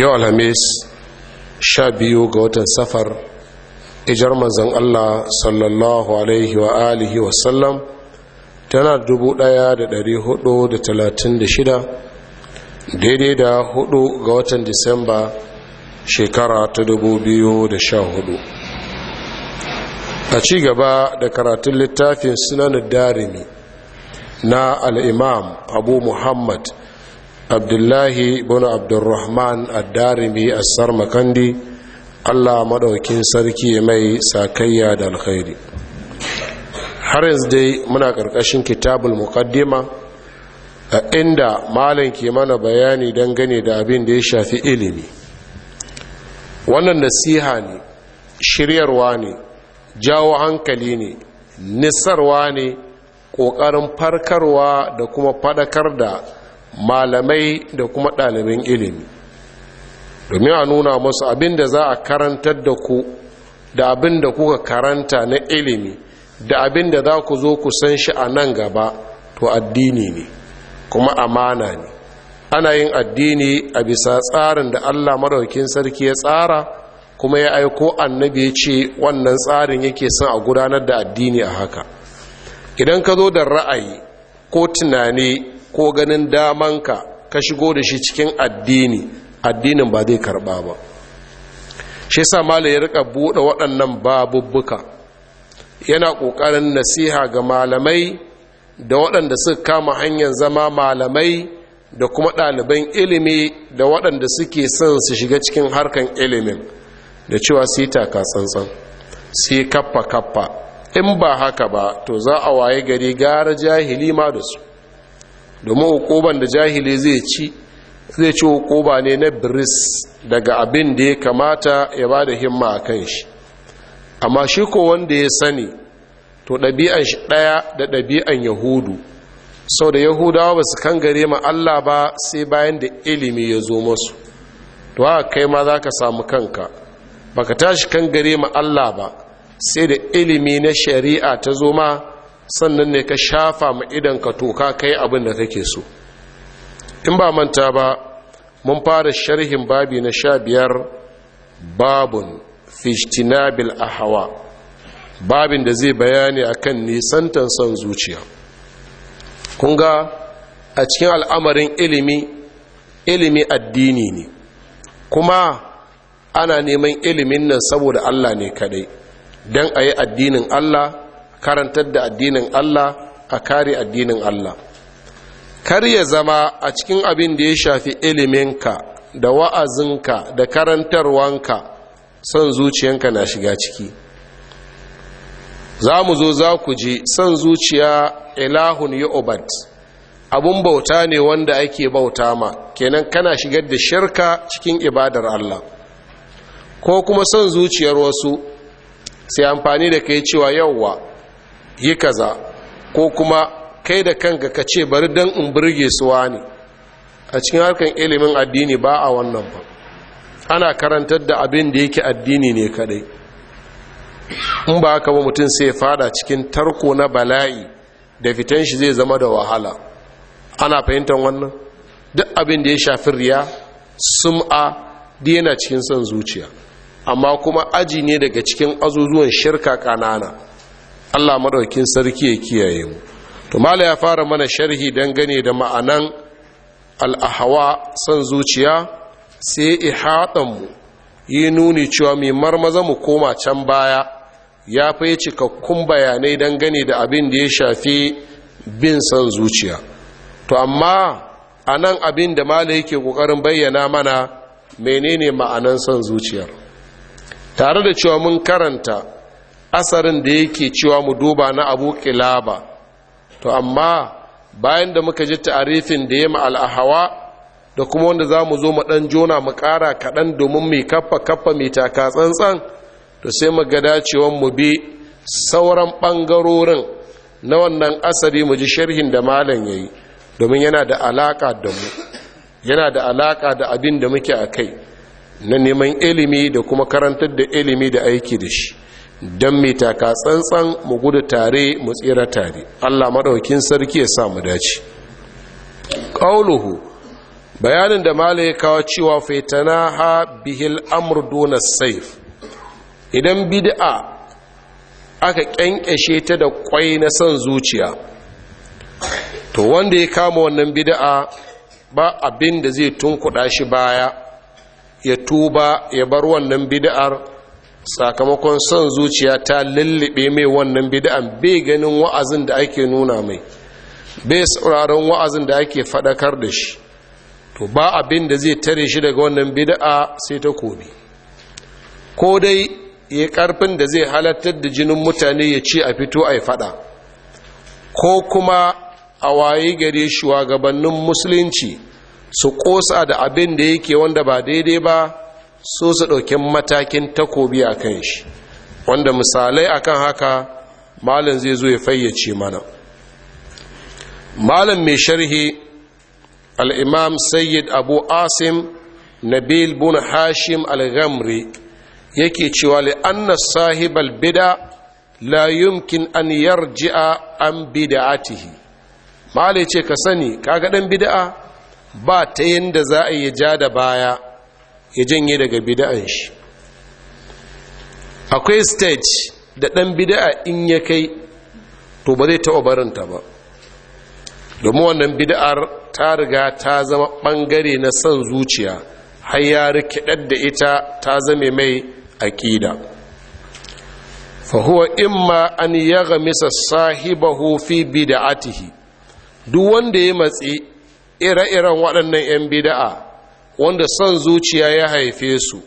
yau alhamis sha biyu ga watan safar ijar mazan allah sallallahu alaihi wa alihi wasallam tana dubu daya da dari hudu da talatin da shida daidai da hudu ga watan disamba shekara ta dubu biyu da sha hudu a ci gaba da karatun littafin sunanin darimi na al'imam abu muhammad abdullahi bin abdurrahman addarimi assar makandi allah maɗaukin sarki mai sakayya da alkhairi har yanzu dai muna ƙarƙashin kitabul muqaddima a inda malam ke mana bayani dangane da abin da ya shafi ilimi wannan nasiha ne shiryarwa ne jawo hankali ne nisarwa ne ƙoƙarin farkarwa da kuma faɗakar da malamai da kuma ɗalibin ilimi domin a nuna masu abin da za a karantar da ku da abin da kuka karanta na ilimi da abin da za ku zo ku san shi a nan gaba to addini ne kuma amana ne ana yin addini a bisa tsarin da allah maraukin sarki ya tsara kuma ya aiko annabi ya ce wannan tsarin yake son a gudanar da addini a haka idan ka zo da ra'ayi ko tunani ko ganin damanka ka shigo da shi cikin addini addinin ba zai karba ba shi sa malai ya rika buɗe waɗannan babubbuka yana ƙoƙarin nasiha ga malamai da waɗanda suka kama hanyar zama malamai da kuma ɗaliban ilimi da waɗanda suke son su shiga cikin harkan ilimin da cewa su yi taka tsantsan su yi kaffa kaffa in ba haka ba to za a waye gari gara jahili ma da su domin hukuban da jahili zai ci zai ci hukuba ne na biris daga abin da ya kamata ya ba da himma a kan shi amma shi ko wanda ya sani to ɗabi'an shi ɗaya da ɗabi'an yahudu sau da yahudawa ba su kan gare ma allah ba sai bayan da ilimi ya zo masu to haka kai ma za ka samu kanka baka tashi kan gare ma allah ba sai da ilimi na shari'a ta zo ma sannan ne ka shafa ma idan ka toka kai abin da kake so in ba manta ba mun fara sharhin babi na sha biyar babun fishtinabil Hawa, babin da zai bayani a kan nisantan son zuciya kunga a cikin al'amarin ilimi ilimi addini ne kuma ana neman ilimin nan saboda allah ne kadai don a yi addinin allah karantar da addinin Allah a kare addinin Allah kar ya zama a cikin abin da ya shafi iliminka da wa'azinka da karantarwanka son zuciyanka na shiga ciki za mu zo za ku ji son zuciya ilahun yu'ubat abun bauta ne wanda ake bauta ma kenan kana shigar da shirka cikin ibadar Allah ko kuma son zuciyar wasu sai amfani da kai cewa yauwa yi kaza ko kuma kai da kanka ka ce bari dan in burge su wani a cikin harkar ilimin addini ba a wannan ba ana karantar da abin da yake addini ne kadai in ba haka ba mutum sai fada cikin tarko na bala'i da fitan shi zai zama da wahala ana fahimtar wannan duk abin da ya shafi riya sum'a da yana cikin son zuciya amma kuma aji ne daga cikin azuzuwan shirka kanana Allah madaukin sarki ya kiyaye mu to mala ya fara mana sharhi dangane da ma'anan al'ahawa son zuciya sai ihatan mu yi nuni cewa mai marmaza mu koma can baya ya fi cikakkun bayanai dangane da abin da ya shafi bin son zuciya to amma a nan abin da mala yake ƙoƙarin bayyana mana menene ma'anan son zuciyar tare da cewa mun karanta asarin da yake cewa mu duba na abu kilaba to amma bayan da muka ji ta'arifin da ya al'ahawa da kuma wanda za mu zo mu ɗan jona mu ƙara kaɗan domin mai kaffa kaffa mai taka tsantsan to sai mu ga dacewan mu bi sauran ɓangarorin na wannan asari mu ji sharhin da malam ya yi domin yana da alaƙa da mu yana da alaƙa da abin da muke a kai na neman ilimi da kuma karantar da ilimi da aiki da shi don mai taka tsantsan mu gudu tare mu tsira tare allah maɗaukin sarki ya sa dace ƙauluhu bayanin da mala ya kawo cewa faitana ha bihil amur dona saif idan bid'a aka ƙyanƙyashe ta da ƙwai na son zuciya to wanda ya kama wannan bid'a ba abin da zai tunkuɗa shi baya ya tuba ya bar wannan bid'ar sakamakon son zuciya ta lullube mai wannan bid'an bai ganin wa'azin da ake nuna mai bai sauraron wa'azin da ake fadakar da shi to ba abin da zai tare shi daga wannan bid'a sai ta kobi ko dai ya karfin da zai halartar da jinin mutane ya ce a fito a fada ko kuma a waye gare shugabannin musulunci su kosa da abin da yake wanda ba daidai ba so su ɗauki matakin takobi a kan shi wanda misalai akan haka malam zai zo ya fayyace mana Malam mai sharhi al'imam sayyid abu asim nabil bin hashim al-ghamri yake cewa li'anna sahibal bida la yumkin an yarji'a an bida'atihi malai ce ka sani kaga dan bid'a ba ta yadda za a yi ja da baya ya janye daga bida'an shi akwai stage da ɗan bida'a in ya kai to ba zai taɓa barinta ba domin wannan bida'ar ta riga ta zama ɓangare na son zuciya har ya rikidar da ita ta zame mai aƙida fahuwa imma an yaga sahibahu fi bida'atihi duk wanda ya matsi ire-iren waɗannan 'yan bida'a wanda son zuciya ya haife su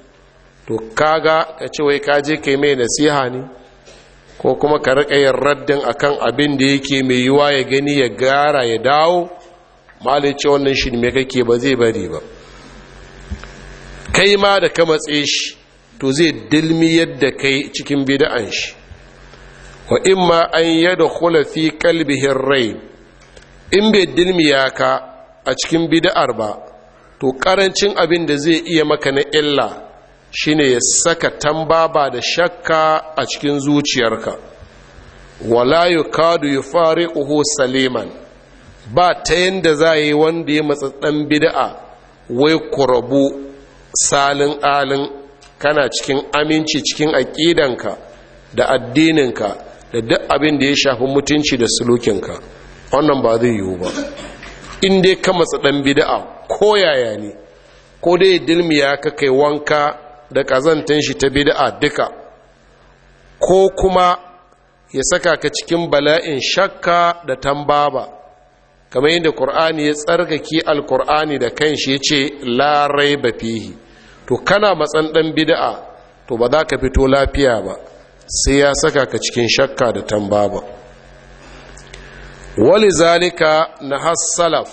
to kaga ka ce wai ka je kai mai nasiha ne ko kuma ka rika yin raddin akan abin da yake mai yiwa ya gani ya gara ya dawo malai ce wannan shi me kake ba zai bari ba kai ma da ka matse shi to zai dilmi yadda kai cikin bid'an shi wa ma an yadkhula fi kalbihin rai in bai dilmiya ka a cikin bid'ar ba to karancin abin da zai iya maka na illa shine ya saka tambaba da shakka a cikin zuciyarka wala yukadu yufariquhu saliman ba ta yanda za yi wanda ya matsatsan bid'a wai kurabu salin alin kana cikin aminci cikin aƙidanka da addininka da duk abin da ya shafi mutunci da sulukinka wannan ba zai yiwu ba in dai ka matsa ɗan bida'a ko yaya ne ko dai ya ka kai wanka da ƙazantar shi ta bida'a duka ko kuma ya saka ka cikin bala'in shakka da tambaba kamar yadda ƙur'ani ya tsarkake alƙur'ani da kanshi ya ce larai ba fihi to kana matsan ɗan bida'a to ba za ka fito lafiya ba sai ya saka ka cikin shakka da tambaba wali zalika na hasalaf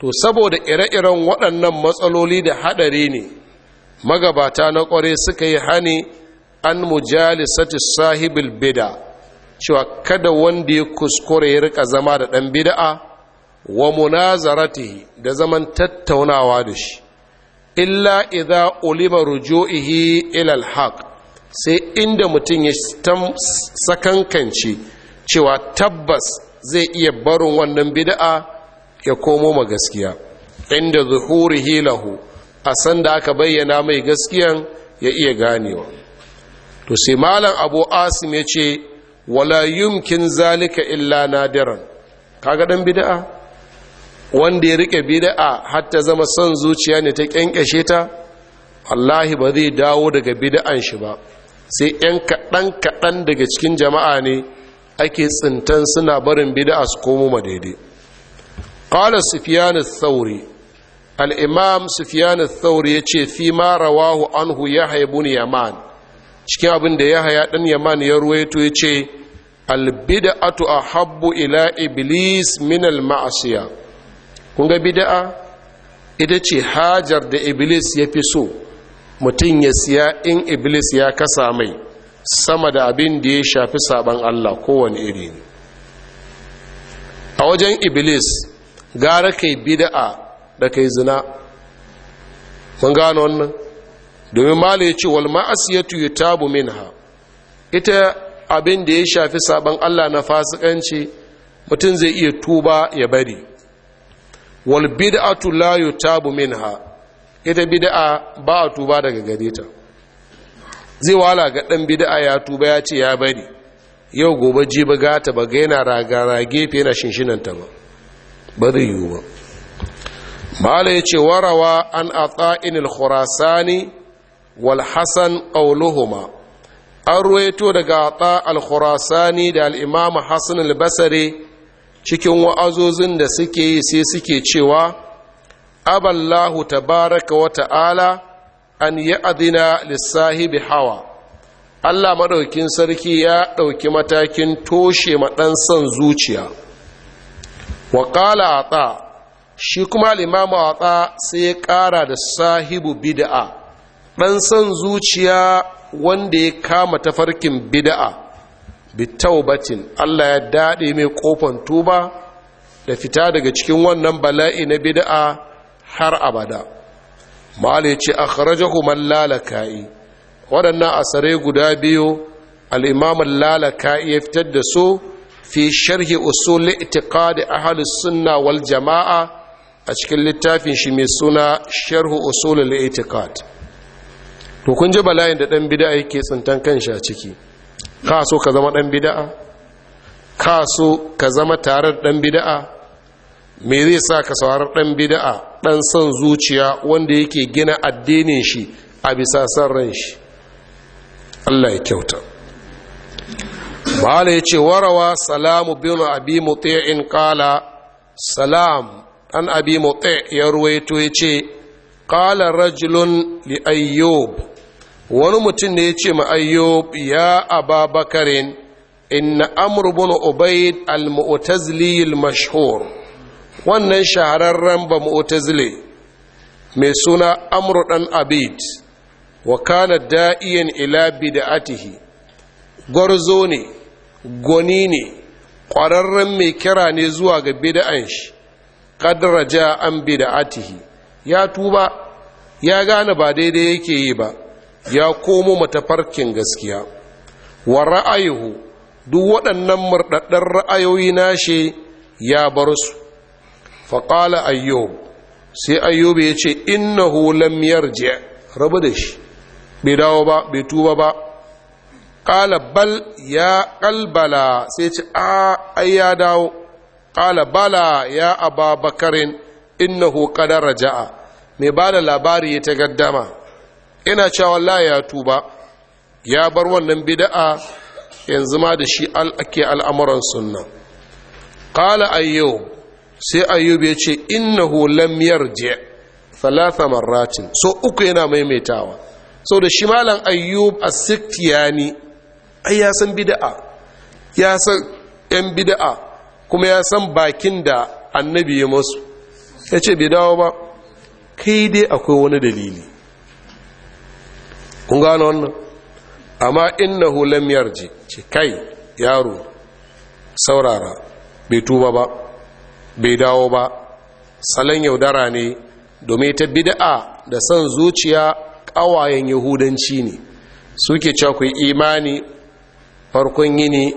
to saboda ire-iren waɗannan matsaloli da haɗari ne magabata na ƙware suka yi hani an mujalisati sahibil bida cewa kada wanda ya kuskure ya rika zama da ɗan bida'a wa munazaratihi da zaman tattaunawa da shi illa idza ulima ruju'ihi ila alhaq sai inda mutum ya sakankance cewa tabbas zai iya barin wannan bid'a ya komo ma gaskiya inda zuhuri hilahu, a san da aka bayyana mai gaskiyan ya iya ganewa to sai malam abu asim ya ce wala yumkin zalika illa nadiran kaga dan bida'a? wanda ya rike har ta zama son zuciya ne ta kyankyashe ta wallahi ba zai dawo daga bid'an shi ba sai yan kaɗan kaɗan daga cikin jama'a ne ake tsintan suna barin bid'a su komo ma daidai qala sufyan sauri, thauri al-imam sufyan ath-thauri yace fi ma rawahu anhu yahya ibn yaman cikin abin da yahya dan yaman ya ruwaito yace al-bid'atu ahabbu ila iblis min al-ma'siyah kun ga bid'a ita ce hajar da iblis ya fi so mutum ya siya in iblis ya kasa mai sama da abin da ya shafi saban Allah kowane iri ne a wajen iblis gara kai bida'a da kai zina mun gano wannan domin mala ya ce wal ma'asiyatu yutabu minha ita abin da ya shafi saban Allah na fasikanci mutum zai iya tuba ya bari wal bid'atu la yutabu minha ita bid'a ba a tuba daga gare ta zai wala ga ɗan bida'a ya tuba ya ce ya bari yau gobe ji ba gata ba ga yana ragara gefe yana shinshinanta ba ba zai yiwu ba mala ya ce warawa an a tsa'inil khurasani wal hasan ƙauluhuma an ruwaito daga ta al-khurasani da al-imam hasan al cikin wa'azozin da suke yi sai suke cewa aballahu tabaraka wa ta'ala an yi adina lissahibi hawa allah maɗaukin sarki ya ɗauki matakin toshe maɗan son zuciya wa ƙala a shi kuma limamu a sai ya ƙara da sahibu bida'a ɗan son zuciya wanda ya kama tafarkin bida'a bitaubatin allah ya daɗe mai ƙofan tuba da fita daga cikin wannan bala'i na bida'a har abada malai ce akhrajahu man lalakai waɗannan asare guda biyu al’imamun lalakai ya fitar da su fi sharhi usul da ahli suna wal jama'a a cikin littafin shi mai suna sharhu usulun al to kun ji bala'in da ɗan bid'a yake tsintan kanshi a ciki ka so ka zama ɗan bid'a ka so ka zama tarar ɗan bida'a me zai sa ka saurari ɗan bida'a. ɗan son zuciya wanda yake gina addinin shi a bisa san ran shi Allah ya kyauta bala ya warawa salamu bin abi in kala salam an abi muti ya ruwaito ya ce kala rajulun li ayyub wani mutum ne ya ce ma ayyub ya ababakarin inna amr bin ubaid al-mu'tazili al-mashhur wannan shahararren ba mu'tazile mai suna amru dan abid wa kana da'iyan ila bid'atihi gwarzo ne goni ne ƙwararren mai kira ne zuwa ga bid'an shi kadraja an bid'atihi ya tuba ya gane ba daidai yake yi ba ya komo matafarkin gaskiya wa ra'ayuhu duk waɗannan murɗaɗɗen ra'ayoyi nashe ya bar su faƙala ayyub sai ayyub ya ce innahu lam yarji rabu da shi bai dawo ba bai tuba ba ƙala bal ya ƙalbala sai ce ai ya dawo ƙala bala ya aba bakarin innahu ƙadar raja'a mai ba da labari ya ta gaddama ina cewa wallahi ya tuba ya bar wannan bida'a yanzu ma da shi ake al'amuran sunna ƙala ayyub sai ayyub ya ce innahu lam yarji thalatha marratin so uku yana maimaitawa so da shi malam ayyub as ni, ai ya san bid'a ya san yan bid'a kuma ya san bakin da annabi ya masu ya ce bai dawo ba kai dai akwai wani dalili kun gano wannan amma innahu lam yarji ce kai yaro saurara bai tuba ba bai dawo ba salon yaudara ne domin ta bid'a da son zuciya ƙawayen yahudanci ne suke cakwai ku imani farkon yini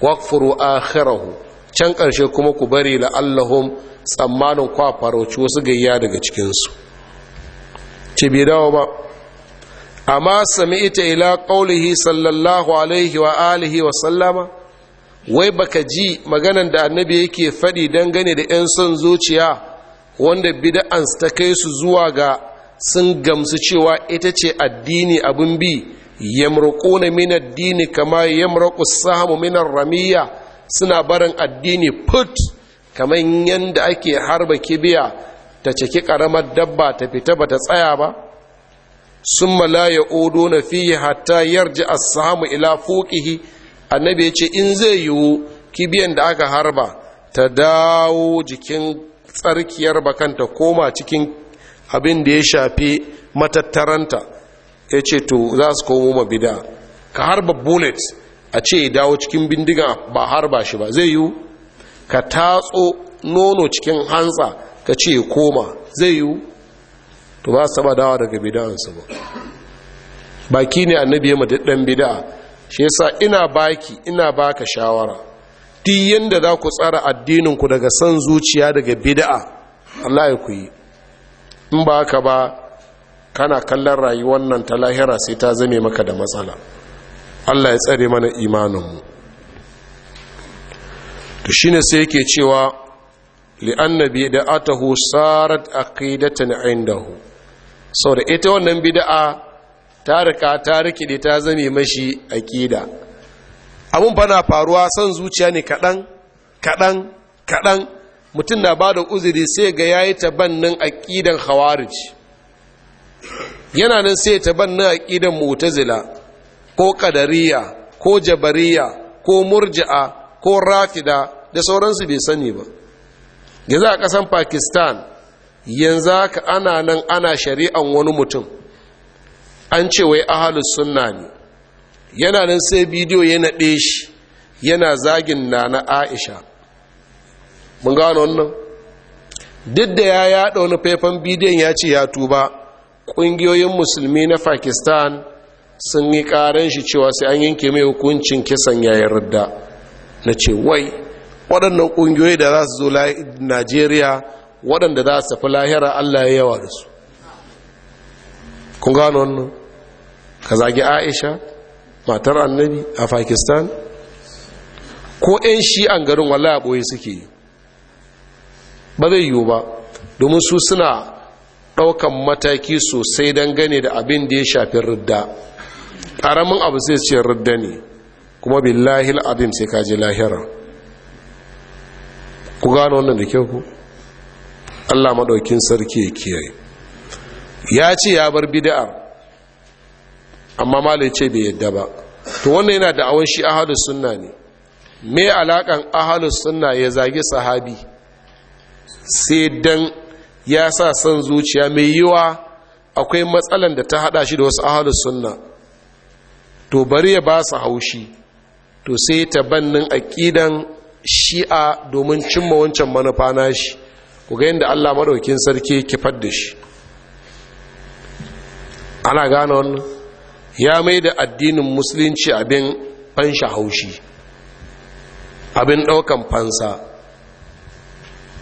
wakfuru akhirahu can ƙarshe kuma ku bari la'allahum tsammanin kwa farauci wasu gayya daga cikinsu ce bai dawo ba amma sami ita ila ƙaulihi sallallahu alaihi wa alihi wa sallama wai baka ji maganan da annabi yake faɗi dangane da 'yan son zuciya wanda su ta kai su zuwa ga sun gamsu cewa ita ce addini abin bi yamruku na min addini kama yamruku samu minar ramiya suna barin addini put kamar yadda ake harba kibiya ta ciki ƙaramar dabba ta fita ba ta tsaya ba sun malaya odo na fiye hatta yarji a samu ila fuƙihi annabi ya ce in zai yiwu kibiyan da aka harba ta dawo jikin tsarkiyar bakanta koma cikin abin da ya shafi matattaranta ya ce to za su komo ma bida ka harba bullet a ce ya dawo cikin bindiga ba harba shi ba zai yiwu ka tatso nono cikin hantsa ka ce ya koma zai yiwu to ba su taba dawa daga bidansu ba baki ne annabi ya mata dan bida'a shi yasa ina baki ina baka shawara duk yanda za ku tsara addininku daga san zuciya daga bida'a. Allah ya kuyi in ba haka ba kana kallon rayuwar nan ta lahira sai ta zame maka da matsala Allah ya tsare mana imaninmu to shine sai yake cewa da atahu sarat aqidatan indahu saboda ita wannan bid'a Tarika ta rikide ta zame mashi aƙida abun fa faruwa son zuciya ne kaɗan kaɗan kaɗan mutum na bada uzuri sai ga yayi yi tabannin aƙidan hawarij yana nan sai tabannin aƙidan mutazila ko ƙadariya ko jabariya ko murji'a ko rafida da sauransu bai sani ba yanzu a ƙasan pakistan yanzu haka ana nan ana shari'an wani mutum an ce wai ahalus sunna ne yana nan sai bidiyo ya naɗe shi yana zagin na na aisha mun gano wannan duk da ya yaɗa wani faifan bidiyon ya ce ya tuba ƙungiyoyin musulmi na pakistan sun yi ƙaran shi cewa sai an yanke mai hukuncin kisan ya yarda na ce wai waɗannan ƙungiyoyi da za su zo najeriya waɗanda za su tafi lahira allah ya yawa da su kun gano wannan ka zagi aisha matar annabi a pakistan ko 'yan an garin wala boye suke ba zai yiwu ba domin su suna ɗaukan mataki sosai don gane da abin da ya shafi ridda ƙaramin abu sai ce ridda ne kuma billahi al'adim sai kaji lahira ku gano wannan da kyau ku allah maɗaukin sarki ya kiyaye ya ce ya bar bida'a, amma malai ce bai yadda ba to wannan yana da awon shi ahalus sunna ne me alakan ahalus sunna ya zagi sahabi sai dan ya sa son zuciya mai yiwa akwai matsalan da ta hada shi da wasu ahalus sunna to bari ya ba su haushi to sai ta bannin aqidan shi'a domin cimma wancan manufa na shi ku ga yadda Allah madaukin sarki ya kifar da shi ana gane wannan ya mai da addinin musulunci abin fansha haushi abin ɗaukan fansa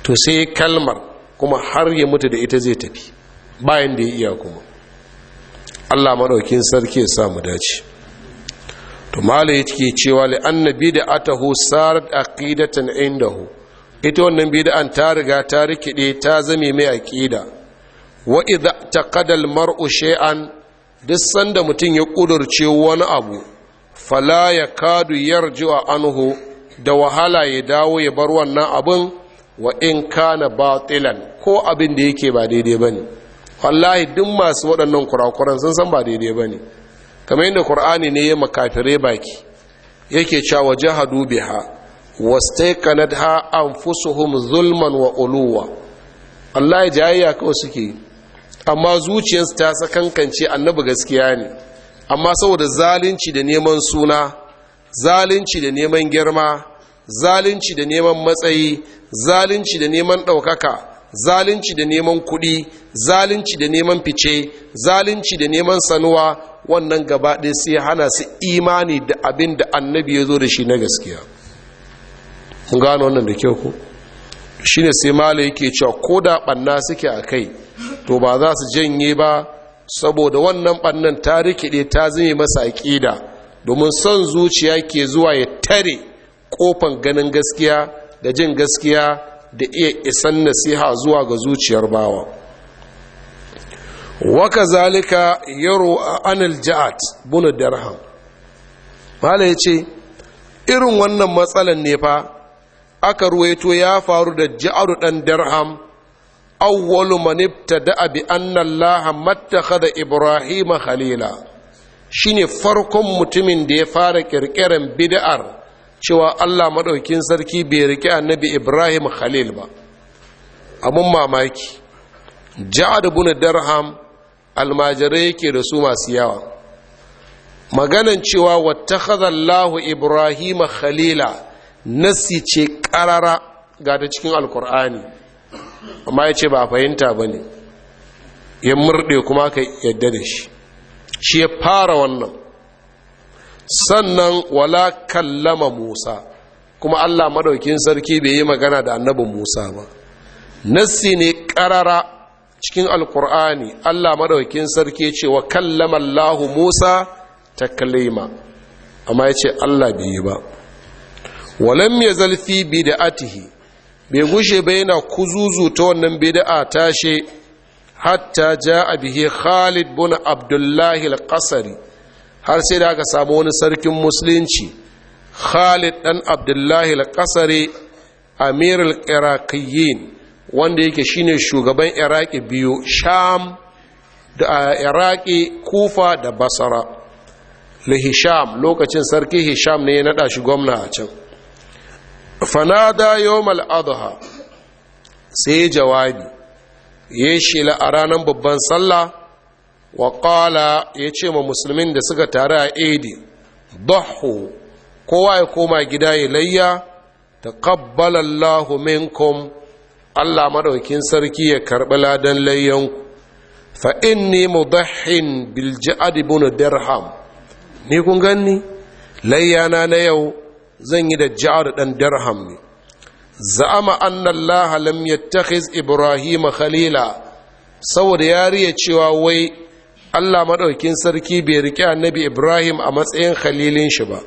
to sai kalmar kuma har ya mutu da ita zai tafi bayan da ya iya kuma allah maɗaukin sarki ya samu dace to ya ke cewa na bi da atahu sarat aqidatan indahu ita wannan bida'an ta riga ta rikide ta zame mai aqida wa idza taqada maru shay'an duk sanda mutum ya kudurce wani abu fala ya kadu yarji'u anhu da wahala ya dawo ya bar wannan abin wa in kana batilan ko abin da yake ba daidai bane wallahi duk masu waɗannan kurakuran sun san ba daidai bane kamar yadda qur'ani ne ya makafire baki yake cewa jahadu biha wastaiqanat ha anfusuhum zulman wa uluwa Allah ya jayayya kawai suke amma zuciyarsu ta sakankance annabi gaskiya ne amma saboda zalunci da neman suna zalunci da neman girma zalunci da neman matsayi zalunci da neman ɗaukaka zalunci da neman kuɗi zalunci da neman fice zalunci da neman sanuwa wannan gaba ɗaya sai hana su imani da abin da annabi ya zo da shi na gaskiya mun gano wannan da kyau ko shine sai mala yake cewa ko da ɓanna suke a kai to ba za su janye ba saboda wannan ɓannan ta rikide ta zame masa aƙida domin son zuciya ke zuwa ya tare ƙofan ganin gaskiya da jin gaskiya da iya isan nasiha zuwa ga zuciyar bawa waka zalika yaro a anil ja'at bunu darham mala ya ce irin wannan matsalan ne fa aka ruwaito ya faru da ja'aru ɗan darham awwalu man ibtada'a bi anna allaha ibrahima khalila shine farkon mutumin da ya fara kirkiran bid'ar cewa Allah madaukin sarki bai rike annabi ibrahim khalil ba abun mamaki ja'ad ibn darham almajirai yake da su masu yawa maganan cewa wattakhadha ibrahima khalila nasi ce karara ga ta cikin alkur'ani amma ya ce ba a fahimta ba ne ya murɗe kuma ka yadda da shi shi ya fara wannan sannan wala kallama musa kuma allah maɗaukin sarki bai yi magana da annabin musa ba nassi ne ƙarara cikin alkur'ani allah maɗaukin sarki ce wa kallama allahu musa ta kalima amma ya ce allah bai yi ba walam ya zalfi bi da atihi bai gushe ba yana kuzuzu ta wannan bid'a she hatta ja'a bihi Khalid bin Abdullahi al har sai da aka samu wani sarkin musulunci Khalid dan Abdullahi al-Qasri Amir al wanda yake shine shugaban Iraki biyu Sham da Iraki Kufa da Basra Lihisham lokacin sarki Hisham ne ya nada shi gwamna a can fanada yawmal adha sai jawabi ya shila a ranar babban sallah waƙala qala ya ce ma musulmin da suka taru a edi dahu kowa ya koma gida ya layya taqabbala Allahu minkum Allah madaukin sarki ya karɓi ladan layyanku fa inni mudahhin bil ja'd ibn dirham ni kun ganni layyana na yau zan yi da ja'ar ɗan dirham ne za'ama anna Allah lam yattakhiz Ibrahim khalila saboda ya riya cewa wai Allah madaukin sarki bai rike annabi Ibrahim a matsayin khalilin shi ba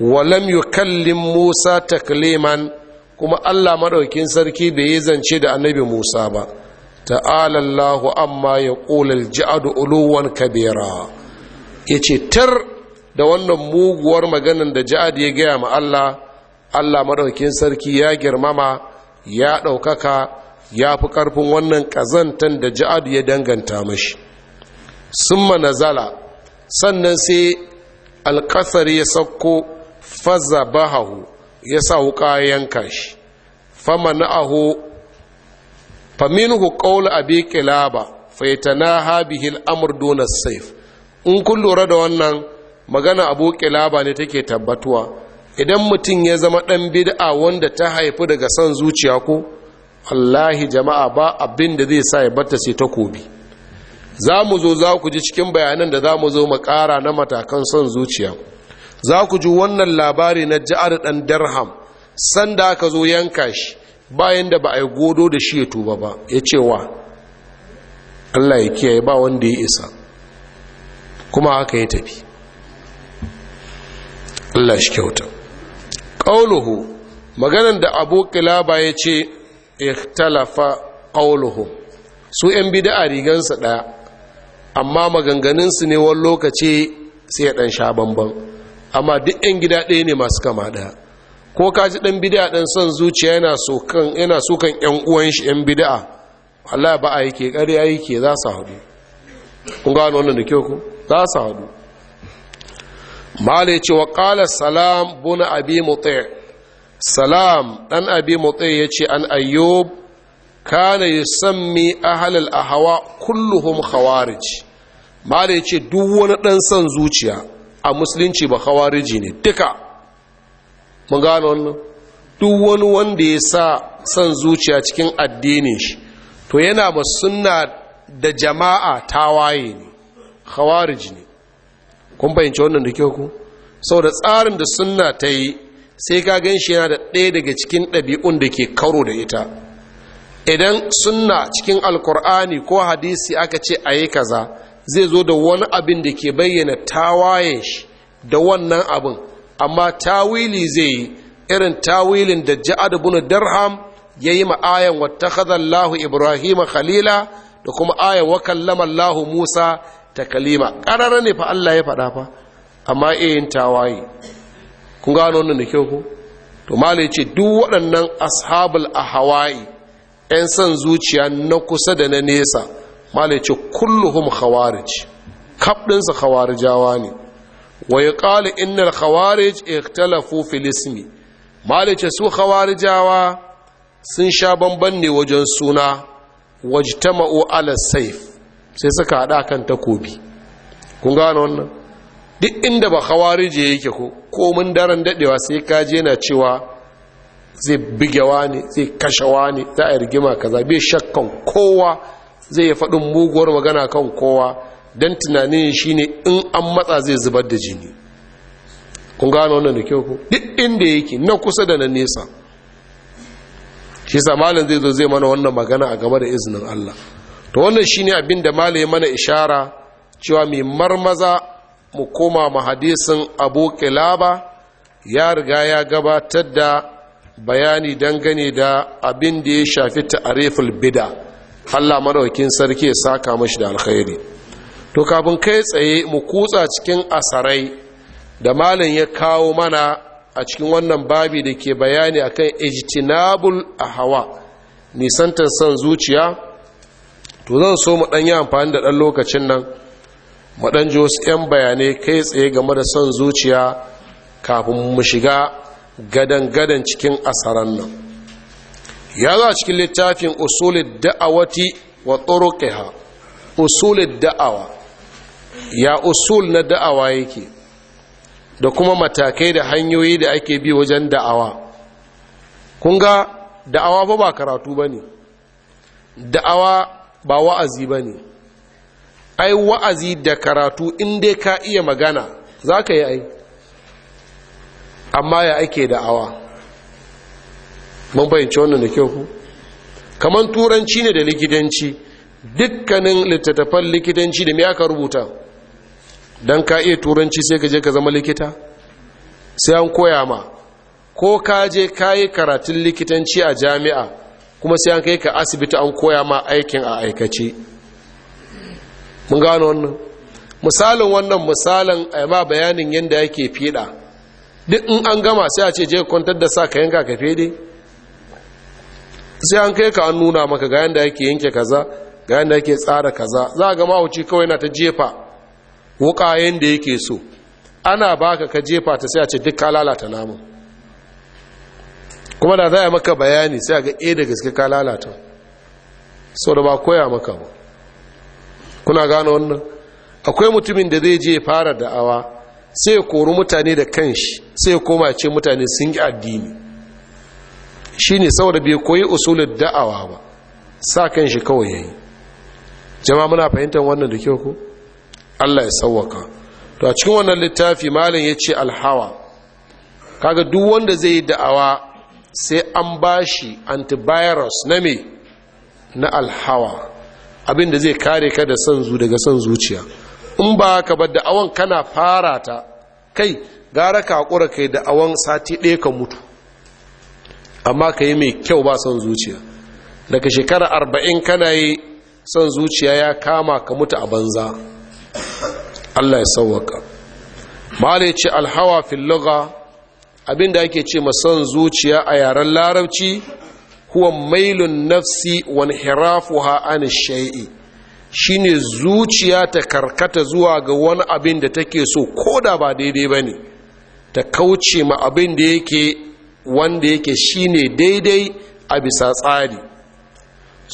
walam yukallim Musa takliman kuma Allah madaukin sarki bai yi zance da annabi Musa ba ta'ala Allahu amma yaqulu al-ja'du uluwan kabira yace tar da wannan muguwar maganin da ja'ad ya gaya ma Allah Allah madaukakin sarki ya girmama ya ɗaukaka ya fi ƙarfin wannan ƙazantan da ja'ad ya danganta mashi summa nazala sannan sai alƙasar ya sauko faza bahahu ya sa wuƙa yanka shi fama na'ahu faminhu ƙaula abi kilaba faitana habihil amur donar saif in kun lura da wannan magana abu kilaba ne take tabbatuwa idan mutum ya zama dan bid'a wanda ta haifi daga son zuciya ko wallahi jama'a ba abin da zai sa ya batta sai ta za mu zo za ku ji cikin bayanan da za mu zo mu ƙara na matakan son zuciya za ku ji wannan labari na ja'ar ɗan darham sanda aka zo yanka shi bayan da ba a yi godo da shi ya tuba ba ya ce wa allah ya kiyaye ba wanda ya isa kuma haka ya tafi Allah shi kyauta Ƙauluhu, maganan da Abu ya ce ikhtalafa ƙauluhu. su yan bid'a rigansa ɗaya, amma maganganunsu ne wani lokaci sai ya ɗan sha bamban amma duk yan gida ɗaya ne masu kama ɗaya. ko ka ji ɗan bid'a ɗan son zuciya yana sukan yana sukan yan uwan shi yan bid'a Allah ba yake ƙarya yake za su haɗu kun gano wannan da kyau ku za su haɗu malai ce wa ƙala salam buna abi mutai salam ɗan abi mutai ya ce an ayyub kana yi sammi ahalal ahawa kulluhum khawarij mala ya ce duk wani ɗan son zuciya a musulunci ba khawariji ne duka mun gano wannan duk wani wanda ya sa son zuciya cikin addinin shi to yana ba suna da jama'a tawaye ne khawarij ne kun bayyance wannan da kyau ku saboda tsarin da sunna ta yi sai ka gan shi yana da ɗaya daga cikin ɗabi'un da ke karo da ita idan sunna cikin alkur'ani ko hadisi aka ce a yi kaza zai zo da wani abin da ke bayyana tawaye shi da wannan abin amma tawili zai yi irin tawilin da ja'ad ibn darham ya yi ma'ayan wata Lahu ibrahim khalila da kuma ayan wa kallama Lahu musa ta kalima ƙarara ne fa Allah ya faɗa fa amma e yin tawaye kun gano wannan da kyau ko. to malai ce duk waɗannan ashabul ahawai yan san zuciya na kusa da na nesa malai ce kulluhum khawarij kabdinsa khawarijawa ne wa yaqalu innal khawarij ikhtalafu fil ismi malai ce su khawarijawa sun sha bamban ne wajen suna wajtama'u ala saif sai suka hada kan takobi kun gano wannan duk inda ba khawarije yake ko komin daren dadewa sai kaje na cewa zai bigewa ne zai kashewa ne za a rigima kaza bai shakkan kowa zai ya faɗin muguwar magana kan kowa don tunanin shine in an matsa zai zubar da jini kun gano wannan da kyau ko duk inda yake na kusa da na nesa shi samalin zai zo zai mana wannan magana a game da izinin allah to wannan shine abin da malai mana ishara cewa mai marmaza mu koma ma hadisin abu kilaba ya riga ya gabatar da bayani dangane da abin da ya shafi ta'ariful bida Allah madaukin sarki ya saka mashi da alkhairi to kafin kai tsaye mu kutsa cikin asarai da malam ya kawo mana a cikin wannan babi da ke bayani akan ijtinabul ahawa nisantar son zuciya to zan so mu ɗan yi amfani da ɗan lokacin nan mu ɗan ji wasu 'yan bayanai kai tsaye game da son zuciya kafin mu shiga gadan-gadan cikin asaran nan ya za cikin littafin usulid da'awati wa tsorokiha usulid da'awa ya usul na da'awa yake da kuma matakai da hanyoyi da ake bi wajen da'awa kun ga da'awa ba ba karatu ba ne da'awa ba wa'azi ba ne ai wa'azi da karatu inda ka iya magana za ka yi ai amma ya ake da'awa mun fahimci wannan da kyau ku kamar turanci ne da likitanci dukkanin littattafan likitanci da me rubuta don ka iya turanci sai ka je ka zama likita sai an koya ma ko ka je ka yi karatun likitanci a jami'a kuma sai an kai ka asibiti an koya ma aikin a aikace mun gano wannan misalin wannan misalin a ma bayanin yadda yake fiɗa duk in an gama sai a ce je kwantar da sa ka yanka ka fede sai an kai ka an nuna maka ga yadda yake yanke kaza ga yadda yake tsara kaza za a gama wuce kawai na ta jefa wuka yadda yake so ana baka ka jefa ta sai a ce duk ka lalata namu kuma da za a maka bayani sai a ga e da gaske ka lalata sau da ba koya maka ba kuna gano wannan akwai mutumin da zai je fara da'awa sai ya kori mutane da kanshi sai ya koma ce mutane sun yi addini shi ne saboda bai koyi usulun da'awa ba sa kanshi kawai ya yi jama muna fahimtar wannan da kyau ku allah ya sauwaka to a cikin wannan littafi malin ya ce alhawa kaga duk wanda zai yi da'awa sai an ba shi antivirus na me na alhawa abinda zai kare ka da son zu daga son zuciya in ba ka ba da awon kana fara ta kai gara ka haƙura kai da awon sati ɗaya ka mutu amma ka yi mai kyau ba son zuciya daga shekara arba'in kana yi son zuciya ya kama ka mutu a banza allah ya sauwaka ma'ala ya ce alhawa fil lugha abin da ake ce ma son zuciya a yaren larabci huwa mailun nafsi wani hirafuwa an shai'i shine zuciya ta karkata zuwa ga wani abin da take so ko da ba daidai ba ne ta kauce ma abin da yake wanda yake shine daidai a bisa tsari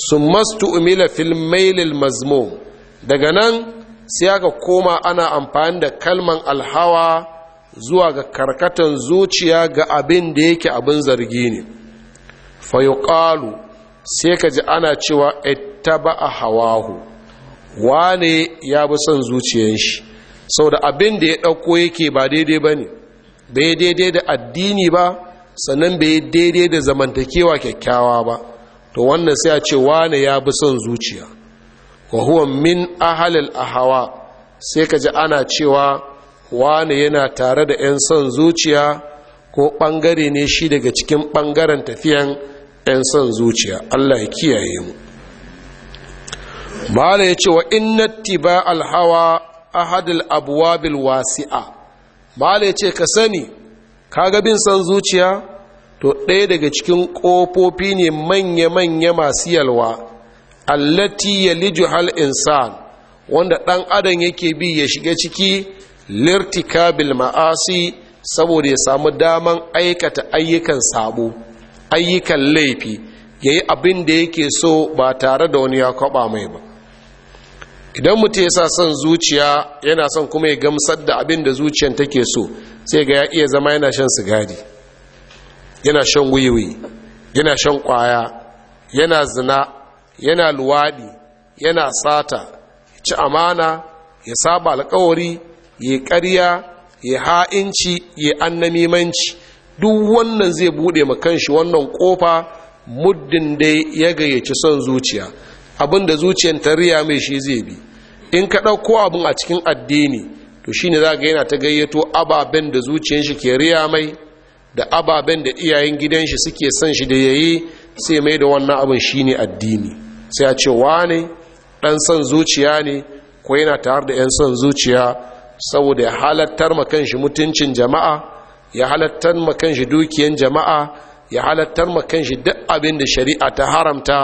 su mastu umila fil mailil mazmum daga nan sai aka koma ana amfani da kalman alhawa zuwa ga karkatan zuciya ga abin da yake abin zargi ne fayuqalu sai ka ji ana cewa ittaba hawahu wane ya bi son zuciyar shi da abin da ya ɗauko yake ba daidai ba ne bai daidai da addini ba sannan bai daidai da zamantakewa kyakkyawa ba to wannan sai a ce wane ya bi son zuciya wa huwa min ahalil ahawa sai ka ji ana cewa wane yana tare da 'yan son zuciya ko ɓangare ne shi daga cikin bangaren tafiyan 'yan son zuciya allah ya kiyaye mu mala ya ce wa inna tiba alhawa hadil abuwabil wasi'a mala ya ce ka sani kaga bin son zuciya to ɗaya daga cikin ƙofofi ne manya-manya masu yalwa allati yaliju hal insan wanda ɗan adam yake bi ya shiga ciki lirtikabil ma'asi saboda ya samu daman aikata ayyukan sabo ayyukan laifi ya yi abin da yake so ba tare da wani ya kwaba mai ba idan mutum ya sa son zuciya yana son kuma ya gamsar da abin da zuciyar take so sai ga ya iya zama yana shan sigari yana shan wiwi yana shan kwaya yana zina yana luwadi yana sata ci amana ya saba alkawari ya karya, ya ha'inci ya annamimanci duk wannan zai buɗe ma kanshi wannan ƙofa muddin da ya gayyaci son zuciya abin da zuciyar ta mai shi zai bi in ka ɗauko abin a cikin addini to shi ne za ga yana ta gayyato ababen da zuciyar shi ke riya mai da ababen da iyayen gidan shi suke son shi da yayi sai mai da wannan abin shi ne addini sai a ce wane ɗan son zuciya ne ko yana tare da yan son zuciya saboda ya halattar makan shi mutuncin jama'a ya halattar makan shi dukiyan jama'a ya halattar makan shi duk abin da shari'a ta haramta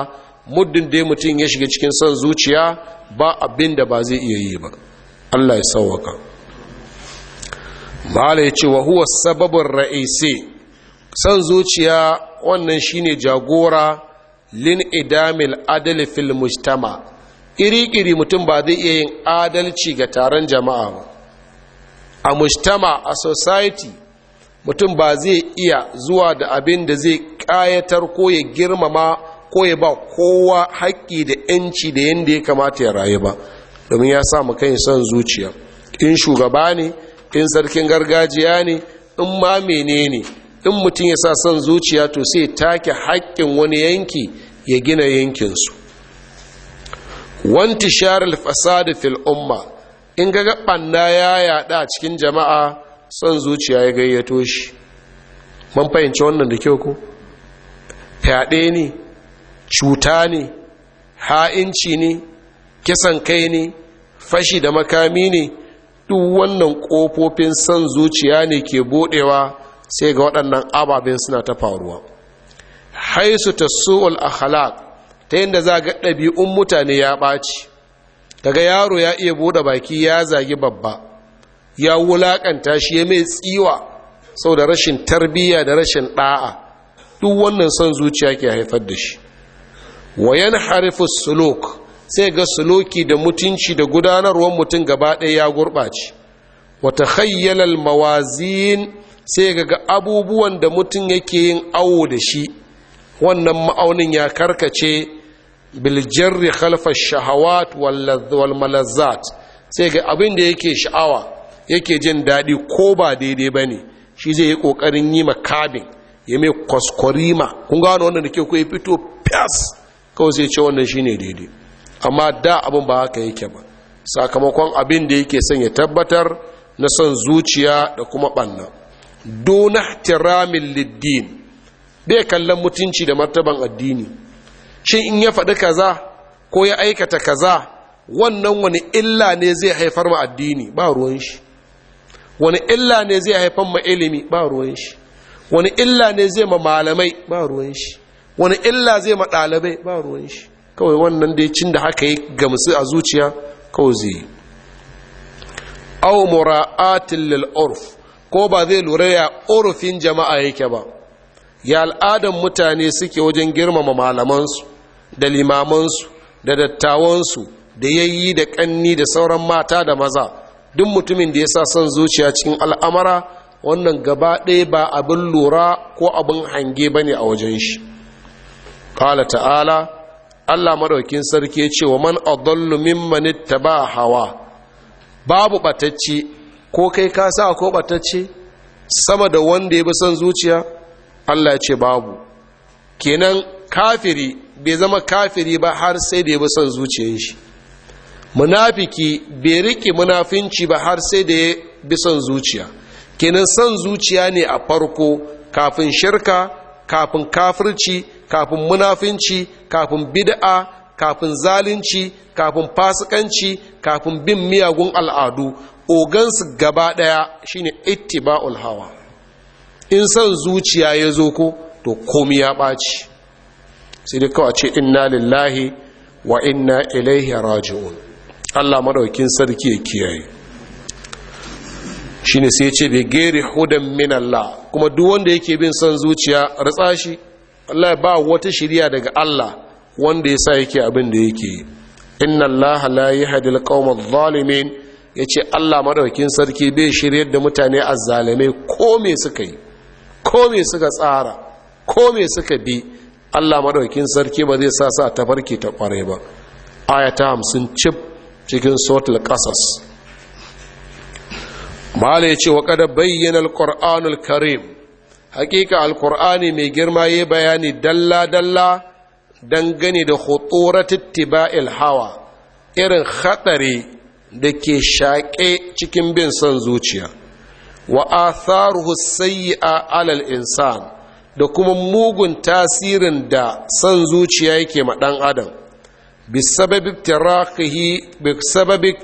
muddin dai mutum ya shiga cikin son zuciya ba abin da ba zai iya yi ba Allah ya sauwaka ba ya ce wa huwa sababin ra'isi son zuciya wannan shine jagora lin idamil adali fil mujtama iri-iri mutum ba zai iya yin adalci ga taron jama'a ba a mujtama a society mutum ba zai iya zuwa da abin da zai kayatar ko ya girmama ko ya ba kowa haƙƙi da 'yanci da yadda ya kamata ya rayu ba domin ya sa mu kai son zuciya in shugaba ne in sarkin gargajiya ne in ma menene in mutum ya sa son zuciya to sai take haƙƙin wani yanki ya gina yankinsu wanti sharar fasada fil umma in ga na ya yaɗa cikin jama'a son zuciya ya gayyato shi man fahimci wannan da kyau ko fyaɗe ne cuta ne ha'inci ne kisan kai ne fashi da makami ne duk wannan ƙofofin son zuciya ne ke buɗewa sai ga waɗannan ababen suna ta faruwa haisu ta su'ul akhlaq ta yadda za ga ɗabi'un mutane ya ɓaci Daga yaro ya iya bude baki ya zagi babba ya wulakanta shi ya mai tsiwa sau da rashin tarbiyya da rashin ɗa'a. duk wannan son zuciya ke haifar da shi wayan harifu sulok sai ga suloki da mutunci da gudanarwar mutum gaba ɗaya ya gurɓace wata hayyalar mawazin sai ga abubuwan da mutum yake yin awo da shi wannan ma'aunin ya karkace biljarri khalfa shahawat walmalazat, sai ga abin da yake sha'awa yake jin daɗi ko ba daidai ba ne shi zai yi ƙoƙarin yi ma kabin ya mai kwaskwarima kun gano wannan da ke ku ya fito fiyas kawai sai ce wannan shi ne daidai amma da abin ba haka yake ba sakamakon abin da yake son ya tabbatar na son zuciya da kuma banna. dona tiramin liddin bai kallon mutunci da martaban addini shi in ya faɗi kaza ko ya aikata kaza wannan wani illa ne zai haifar ma addini ba ruwan shi wani illa ne zai haifar ma ilimi ba ruwan shi wani illa ne zai ma malamai ba ruwan shi wani illa zai ma ɗalibai ba ruwan shi kawai wannan dai cin da haka yi gamsu a zuciya kawai zai yi au mura'atin lil urf ko ba zai lura ya urfin jama'a yake ba ya al'adan mutane suke wajen girmama malamansu da limamansu da dattawansu da yayi da ƙanni da sauran mata da maza duk mutumin da ya sa son zuciya cikin al'amara wannan gaba ɗaya ba abin lura ko abin hange ba ne a wajen shi ƙala ta'ala allah maɗaukin sarki ce wa man adallu mimman ittaba hawa babu ɓatacce ko kai ka sa ko ɓatacce sama da wanda ya bi son zuciya allah ya ce babu kenan kafiri bai zama kafiri ba har sai da ya bi son zuciyar shi munafiki bai riƙe munafinci ba har sai da ya bi son zuciya kenan son zuciya ne a farko kafin shirka kafin kafirci kafin munafinci kafin bid'a kafin zalunci kafin fasikanci kafin bin miyagun al'adu ogansu gaba ɗaya shine ittiba'ul hawa in son zuciya ya zo ko to komi ya ɓaci sai dai kawai ce inna lillahi wa inna ilaihi raji'un Allah madaukin sarki ya kiyaye shine sai ce bai gere hudan min Allah kuma duk wanda yake bin son zuciya ritsa shi Allah ba wata shiriya daga Allah wanda ya sa yake abin da yake inna Allah la yahdi alqawma adh-dhalimin yace Allah madaukin sarki bai shiryar da mutane azzalimai ko me suka yi ko me suka tsara ko me suka bi Allah maɗaukin sarki ba zai sa sa tafarki ta kware ba ayata 50 chip cikin suratul qasas mala yace wa qad bayyana alqur'anul karim haƙiƙa alqur'ani mai girma yayi bayani dalla dalla dangane da khuturat ittiba'il hawa irin khatari da ke shaƙe cikin bin son zuciya wa atharuhu sayyi'a alal insan da kuma mugun tasirin da son zuciya yake ma ɗan adam bisababi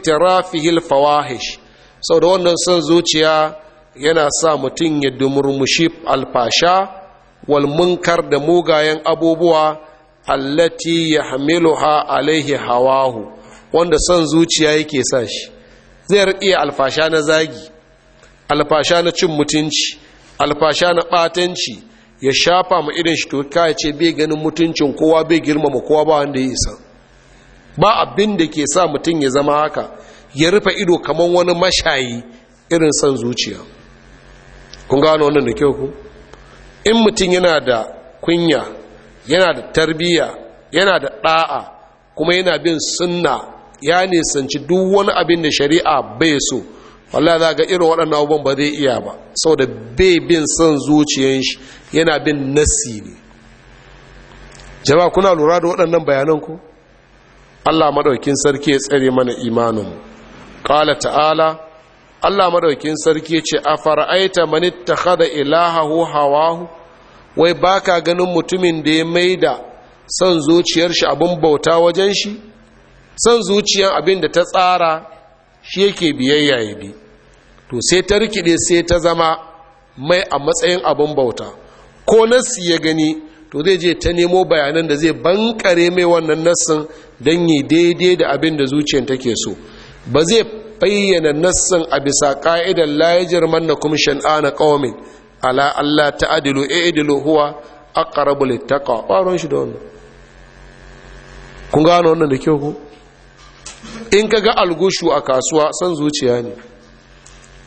tarafihil fawahish sau da wannan son zuciya yana sa mutum ya dumurmushi alfasha wal munkar da mugayen abubuwa allati ya hamiluha alaihi hawahu wanda son zuciya yake sa shi zai iya alfasha na zagi alfasha na cin mutunci alfasha na ɓatanci ya shafa ma irin shi to ka ce bai ganin mutuncin kowa bai girmama kowa ba wanda ya isa ba abin da ke sa mutum ya zama haka ya rufe ido kamar wani mashayi irin san zuciya kun gano wannan da kyau ku in mutum yana da kunya yana da tarbiyya yana da ɗa'a kuma yana bin sunna ya nisanci duk wani abin da shari'a bai so wallah za ga irin waɗannan abubuwan ba zai iya ba sau bai bin son zuciyan shi yana bin nasi ne jama'a kuna lura da waɗannan bayanan ku Allah maɗaukin sarki ya tsare mana imanin ƙala ta'ala Allah maɗaukin sarki ya ce afara'aita man ittakhadha ilahahu hawahu wai baka ganin mutumin da ya maida son zuciyar shi abin bauta wajen shi son zuciyar abin da ta tsara shi yake biyayya ya bi to sai ta rikide sai ta zama mai a matsayin abin bauta ko nassi ya gani to zai je ta nemo bayanan da zai bankare mai wannan nassin don yi daidai da abin da zuciyar take so ba zai bayyana nassin a bisa ka'idar layajar manna kuma shan'ana ƙawamin ala Allah ta adilo e adilo huwa aqrabu littaqa ƙwaron shi da wannan kun gano wannan da kyau ku in ka ga algushu a kasuwa san zuciya ne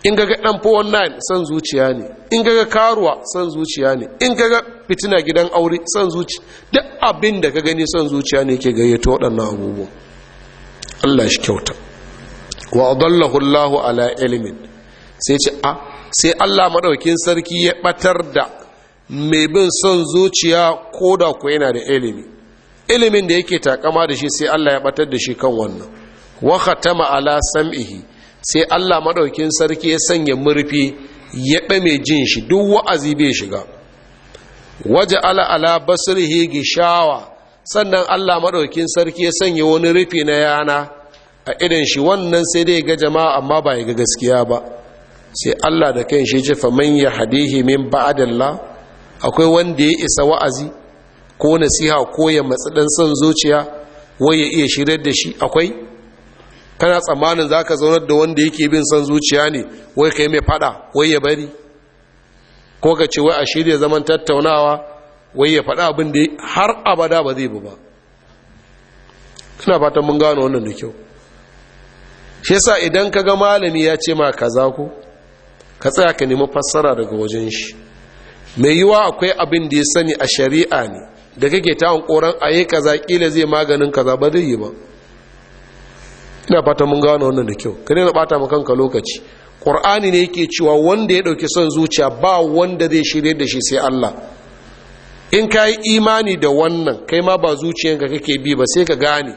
in ga dan 419 san zuciya ne in ga karuwa san zuciya ne in ga fitina gidan aure san zuciya duk abin da ka gani san zuciya ne ke gayyato waɗannan abubuwan Allah shi kyauta wa adallahu Allahu ala ilmin sai ce a ah, sai Allah maɗaukin sarki ya batar da mai bin son zuciya ko da ku yana da ilimi ilimin da yake takama da shi sai Allah ya batar da shi kan wannan wa khatama ala sam'ihi sai Allah madaukin sarki ya sanya murfi ya dame jin shi duk wa'azi bai shiga waje ala ala basrihi gishawa sannan Allah madaukin sarki ya sanya wani rufi na yana a idan shi wannan sai dai ga jama'a amma ba ya ga gaskiya ba sai Allah da kan shi ce faman ya hadihi min ba'dallah akwai wanda ya isa wa'azi ko nasiha ko ya matsi dan son zuciya wai ya iya shirar da shi akwai kana tsammanin za ka zaunar da wanda yake bin son zuciya ne wai ka yi mai fada wai ya bari ko ka ce wai a shirya zaman tattaunawa wai ya fada abin da har abada ba zai bu ba suna fatan mun gano wannan da kyau shi yasa idan ka ga malami ya ce ma kaza ku? ka tsaya ka nemi fassara daga wajen shi mai yiwa akwai abin da ya sani a shari'a ne da kake tawon koran yi kaza kila zai maganin kaza ba zai yi ba ina fata mun gano wannan da kyau ka daina bata kanka lokaci qur'ani ne yake cewa wanda ya dauki son zuciya ba wanda zai shirye da shi sai Allah in ka yi imani da wannan kai ma ba zuciyanka kake bi ba sai ka gane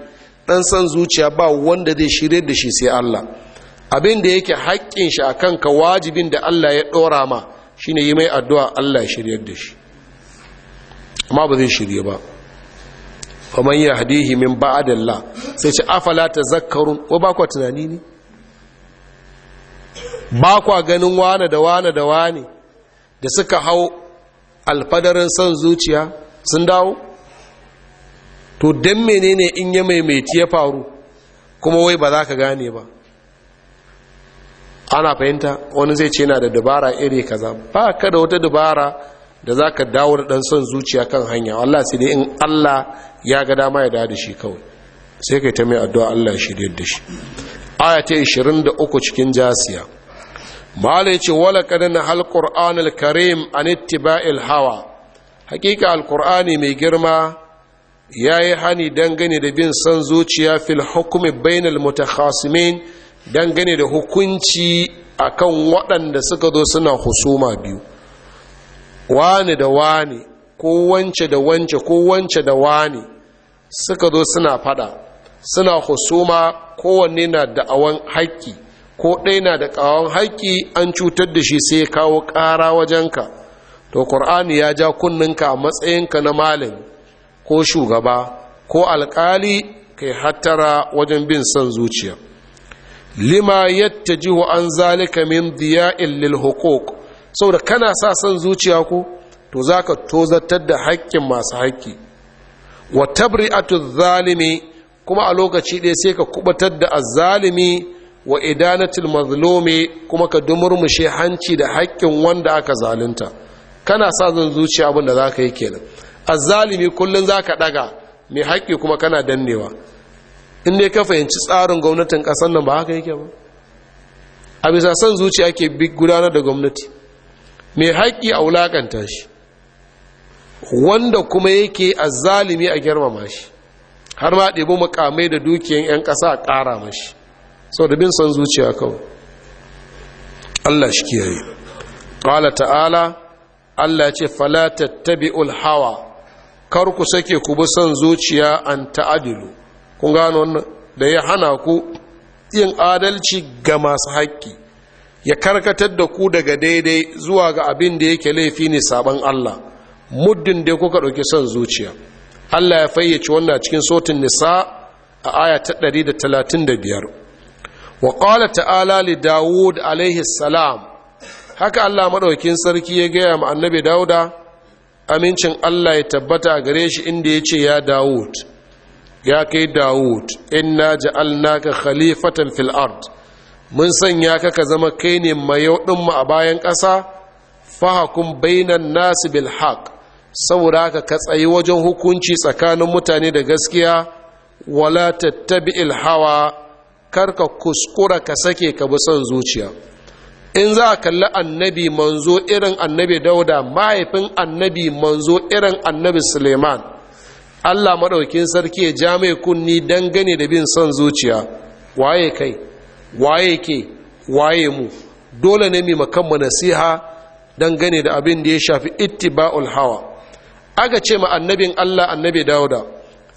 dan son zuciya ba wanda zai shirye da shi sai Allah abin da yake haƙƙin shi a kanka wajibin da Allah ya ɗora ma shine yi mai addu'a Allah ya shiryar da shi amma ba zai shirye ba faman ya hadihi min ba'adalla sai ce afala zakarun ko ba kwa tunani ne ba kwa ganin wane da wane da wane da suka hau alfadarin son zuciya sun dawo to don menene in ya maimaiti ya faru kuma wai ba za ka gane ba ana fahimta wani zai ce na da dabara iri kaza ba ka da wata dabara da za ka dawo da ɗan son zuciya kan hanya Allah sai dai in Allah ya ga dama ya da shi kawai sai kai ta mai addu'a Allah shirye da shi aya ta 23 cikin jasiya mala yace wala kadana hal qur'an al karim an hawa hakika al mai girma ya yi hani dangane da bin san zuciya fil hukmi bainal mutakhasimin dangane da hukunci a kan waɗanda suka zo suna husuma biyu wani da wani ko wance da wance ko wance da wani suka zo suna fada suna husuma kowanne na da'awan haƙƙi ko ɗaya na da ƙawon haƙƙi an cutar da shi sai kawo ƙara wajenka to ƙur'ani ya ja kunninka a matsayinka na malin ko shugaba ko alƙali kai hattara wajen bin son zuciya lima yadda jiho an zalika min biya lil hukuk saboda kana sa son zuciya ku, to za ka tozartar da haƙƙin masu haƙƙi wa tabri'atu zalimi kuma a lokaci ɗaya sai ka kubatar da azalimi wa idanatul mazlumi kuma ka dumurmushe hanci da haƙƙin wanda aka zalunta kana sa zan zuciya abin da za ka yi kenan azalimi kullum za ka ɗaga mai haƙƙi kuma kana dannewa in dai ka fahimci tsarin gwamnatin ƙasar nan ba haka yake ba a bisa son zuciya ke gudanar da gwamnati mai haƙƙi a wulaƙanta shi wanda kuma yake a zalimi a girmama shi har ma ɗebi mukamai da dukiyan 'yan ƙasa a ƙara mashi sau da bin son zuciya kawai Allah shi kiyaye ƙwala ta'ala Allah ce falata tabi hawa kar ku sake ku bi son zuciya an ta'adilu kun gano wannan da ya hana ku yin adalci ga masu haƙƙi ya karkatar da ku daga daidai zuwa ga abin da yake laifi ne saban Allah muddin dai kuka ɗauki son zuciya allah ya fayyace wannan cikin sotin nisa a aya ta 135 wa ƙala ta'ala li dawud alaihi salam haka allah maɗaukin sarki ya gaya ma annabi Dauda. amincin allah ya tabbata a gare shi inda ya ce ya dawud ya kai dawud inna ka khalifatan fil ard mun sanya ka ka zama kai ne mai yau a bayan ƙasa fahakun bainan nasu bil haq saboda haka ka tsayi wajen hukunci tsakanin mutane da gaskiya wala tattabi'il kar karka kuskura ka sake ka bi son zuciya in za a kalli annabi manzo irin annabi dauda mahaifin annabi manzo irin annabi suleiman allah maɗaukin sarki ya ja mai kunni dangane da bin son zuciya waye kai waye ke waye mu dole ne mai makamma nasiha dangane da abin da ya shafi ittiba'ul hawa Aga ce ma annabin Allah annabi Dawuda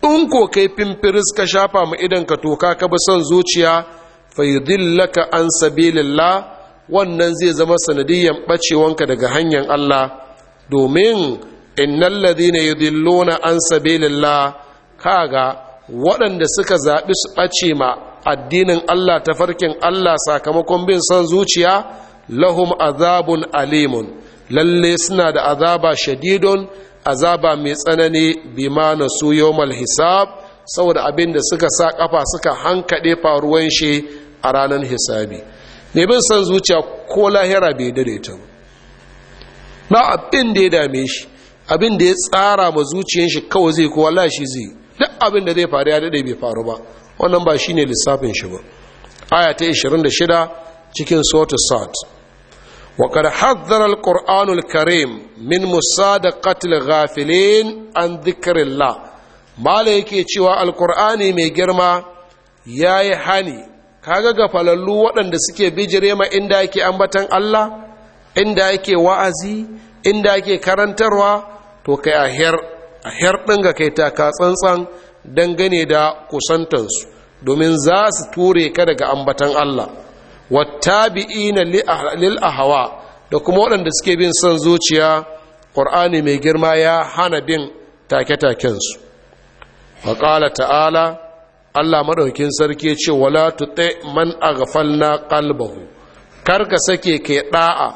in ko kai fimfiris ka shafa ma idan ka toka ka bi son zuciya fa yudillaka an sabilillah wannan zai zama sanadiyyan bacewanka daga hanyar Allah domin innal ladhina yudilluna an sabilillah kaga waɗanda suka zaɓi su ɓace ma addinin Allah ta farkin Allah sakamakon bin son zuciya lahum azabun alimun lalle suna da azaba shadidun azaba mai tsanani bima na su hisab saboda abin da suka sa kafa suka hankade faruwan shi a ranar hisabi mai bin san zuciya ko lahira bai daidaita ba na abin da ya dame shi abin da ya tsara ma zuciyar shi kawai zai ko wallahi shi zai duk abin da zai faru ya dade bai faru ba wannan ba shine lissafin shi ba aya ta 26 cikin suratul وقد حذر القرآن الكريم من مصادقة الغافلين عن ذكر الله ما لك cewa alkur'ani mai girma yayi hani kaga ga falallu waɗanda suke bijire ma inda yake ambatan Allah inda yake wa'azi inda ake karantarwa to kai ahir ahir din ga kai taka tsantsan dangane da kusantansu domin za su ture ka daga ambatan Allah wattabi'ina lil ahwa da kuma waɗanda suke bin son zuciya ƙur'ani mai girma ya hana bin take-takensu faƙala ta'ala allah maɗaukin sarki ce wala tuɗe man aghfalna qalbahu karka sake ke ɗa'a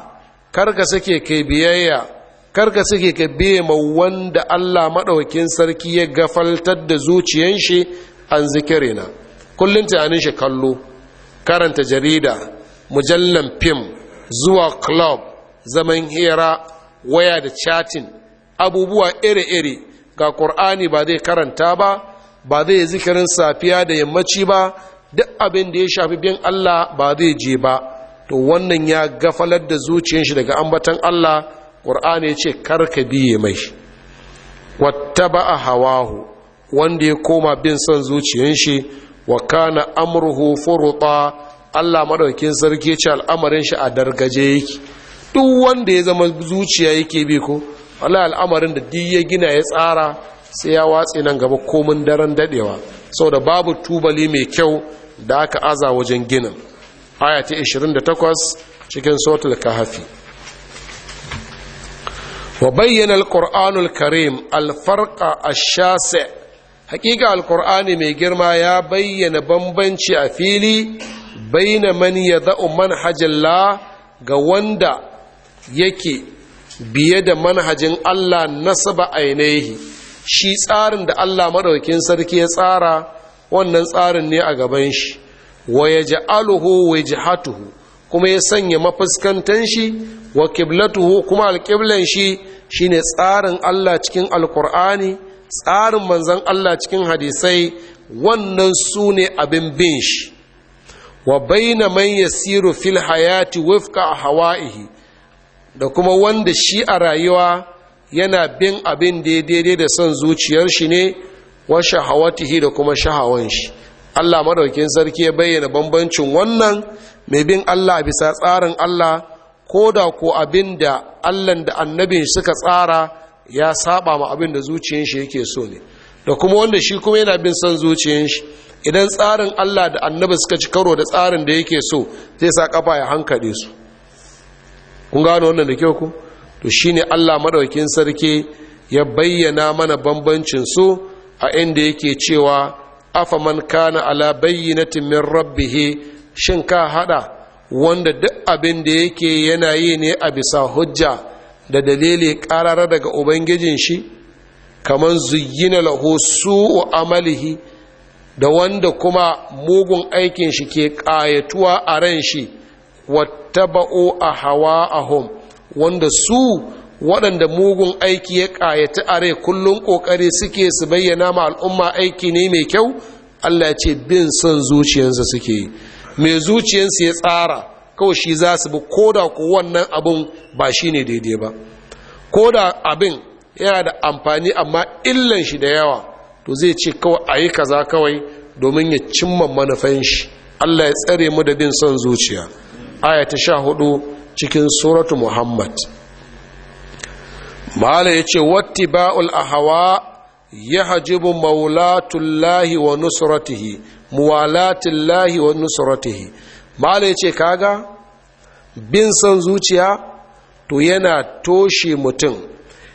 karka sake ke biyayya karka sake ke biye ma wanda allah maɗaukin sarki ya gafaltar da zuciyan shi an zikirina kullum tunanin shi kallo karanta jarida mujallan fim zuwa club zaman hira waya da chatting abubuwa iri-iri ga ƙur'ani ba zai karanta ba ba zai zikirin safiya da yammaci ba duk abin da ya shafi bin Allah ba zai je ba to wannan ya gafalar da zuciyar shi daga ambatan Allah ƙur'ani ya ce karka biye mai ba a hawahu wanda ya koma bin son zuciyar shi wa kana amruhu furuta Allah madaukin sarki ya ce al'amarin shi a dargaje yake duk wanda ya zama zuciya yake bi ko wala al'amarin da duk ya gina ya tsara sai ya watsi nan gaba komin daren dadewa da babu tubali mai kyau da aka aza wajen ginin aya ta 28 cikin suratul kahfi wa bayyana al-qur'anul karim al-farqa ash-shasi' hakika alkur'ani mai girma ya bayyana bambanci a fili baina man yada'u La ga wanda yake biye da manhajin Allah nasaba ainihi shi tsarin da Allah maɗaukin sarki ya tsara wannan tsarin ne a gaban shi wa yaj'aluhu wajhatuhu kuma ya sanya mafuskantan shi wa kiblatuhu kuma alqiblan shi shine tsarin Allah cikin alkur'ani tsarin manzan Allah cikin hadisai wannan su ne abin bin shi wa baina man yasiru fil hayati wifqa hawaihi da kuma wanda shi a rayuwa yana bin abin daidai da son zuciyar shi ne wa shahawatihi da kuma shahawan shi Allah madaukin sarki ya bayyana bambancin wannan mai bin Allah bisa tsarin Allah ko da ko abin da Allah da annabin suka tsara ya saba ma abin da zuciyar shi yake so ne da kuma wanda shi kuma yana bin son zuciyar shi idan tsarin Allah da annabi suka ci karo da tsarin da yake so zai sa kafa ya hankale su kun gano wannan da kyau ku to shine Allah madaukakin sarki ya bayyana mana bambancin su a inda yake cewa afa man kana ala bayyinatin min rabbih shin ka hada wanda duk abin da yake yana yi ne a bisa hujja da dalili ƙarara daga ubangijin shi kamar zuyyina lahu su'u amalihi da wanda kuma mugun aikin shi ke ƙayatuwa a ran shi wattaba'u a hawa a hom. wanda su waɗanda mugun aiki ya kayata a rai kullum ƙoƙari suke su bayyana ma al'umma aiki ne mai kyau allah ce bin son zuciyarsa suke yi mai zuciyarsa ya tsara kawai shi za su bi ko da ko wannan abin ba shi ne daidai ba ko abin yana da amfani amma illan shi da yawa to zai ce kawai a yi kaza kawai domin ya cimma manufan shi allah ya tsare mu da bin son zuciya aya ta sha hudu cikin suratu muhammad mahala ya ce wattiba'ul ahawa ya hajibu maulatullahi wa nusratihi muwalatullahi wa nusratihi mala ya ce kaga bin son zuciya to yana toshe mutum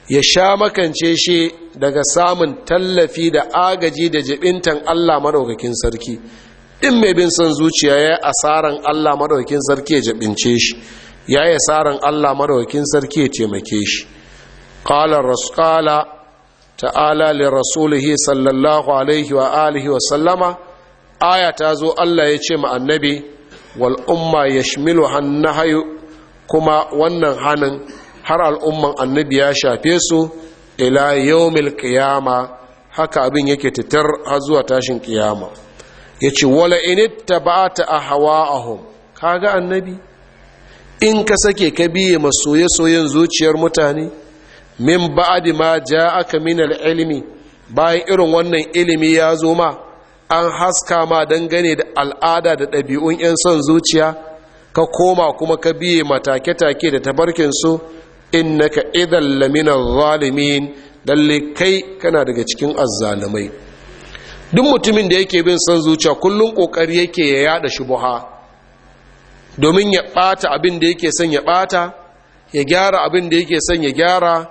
ya sha makance shi daga samun tallafi da agaji da jibintan allah maɗaukakin sarki ɗin mai bin son zuciya ya yi asaran allah maɗaukakin sarki ya jibince shi ya yi asaran allah maɗaukakin sarki ya taimake shi ƙalar rasu ta'ala li rasulihi sallallahu alaihi wa alihi wa sallama aya ta zo Allah ya ce ma annabi wal umma yashmilu hannahayu kuma wannan hannun, har al'umman annabi ya shafe su ila yawmil qiyama haka abin yake titar har zuwa tashin qiyama yace wala in ittaba'ta ahwa'ahum kaga annabi in ka sake ka biye masoye-soyen zuciyar mutane min ba'adi ma ja aka min ilimi bayan irin wannan ilimi ya zo ma an haska ma dangane da al'ada da ɗabi'un 'yan son zuciya ka koma kuma ka biye matake-take da tabarkinsu ka idan laminan zalimin lalle kai kana daga cikin azzalumai duk mutumin da yake bin son zuciya kullum kokari yake ya yada shubuha domin ya bata abin da yake son ya bata ya gyara abin da yake son ya gyara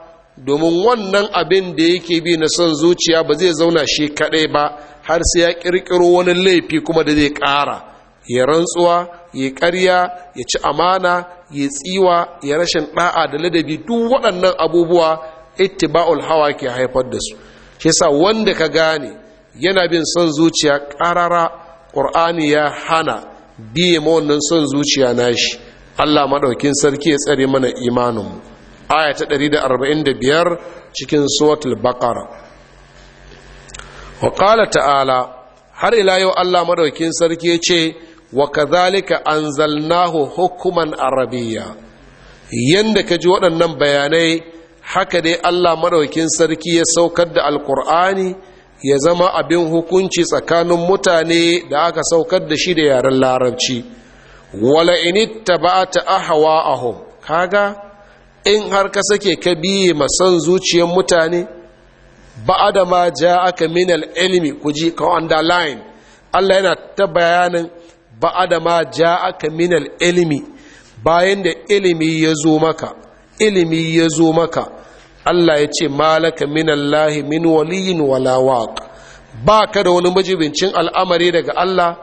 domin wannan abin da yake bi na son zuciya ba zai zauna shi kaɗai ba har sai ya ƙirƙiro wani laifi kuma da zai ƙara ya rantsuwa ya ƙarya ya ci amana ya tsiwa ya rashin ɗa'a da ladabi duk waɗannan abubuwa ittiba'ul hawa ke haifar da su shi yasa wanda ka gane yana bin son zuciya ƙarara ƙur'ani ya hana biye ma son zuciya nashi Allah maɗaukin sarki ya tsare mana imaninmu aya ta 145 cikin suratul baqara wa ta'ala har ila yau Allah madaukin sarki ya ce wa kazalika anzalnahu hukuman arabiya Yadda ka ji waɗannan bayanai haka dai Allah madaukin sarki ya saukar da alkur'ani ya zama abin hukunci tsakanin mutane da aka saukar da shi da yaren larabci wala initta ba ta ahwa ahum kaga in har ka sake ka biye masan zuciyar mutane ba'ada ma ja'aka min al-ilmi kuji ka underline Allah yana ta bayanin ba'ada ma ja'aka min al-ilmi bayan da ilimi ya zo maka ilimi ya zo maka Allah ya ce malaka min Allah min waliyin wala waq baka da wani majibincin al'amari daga Allah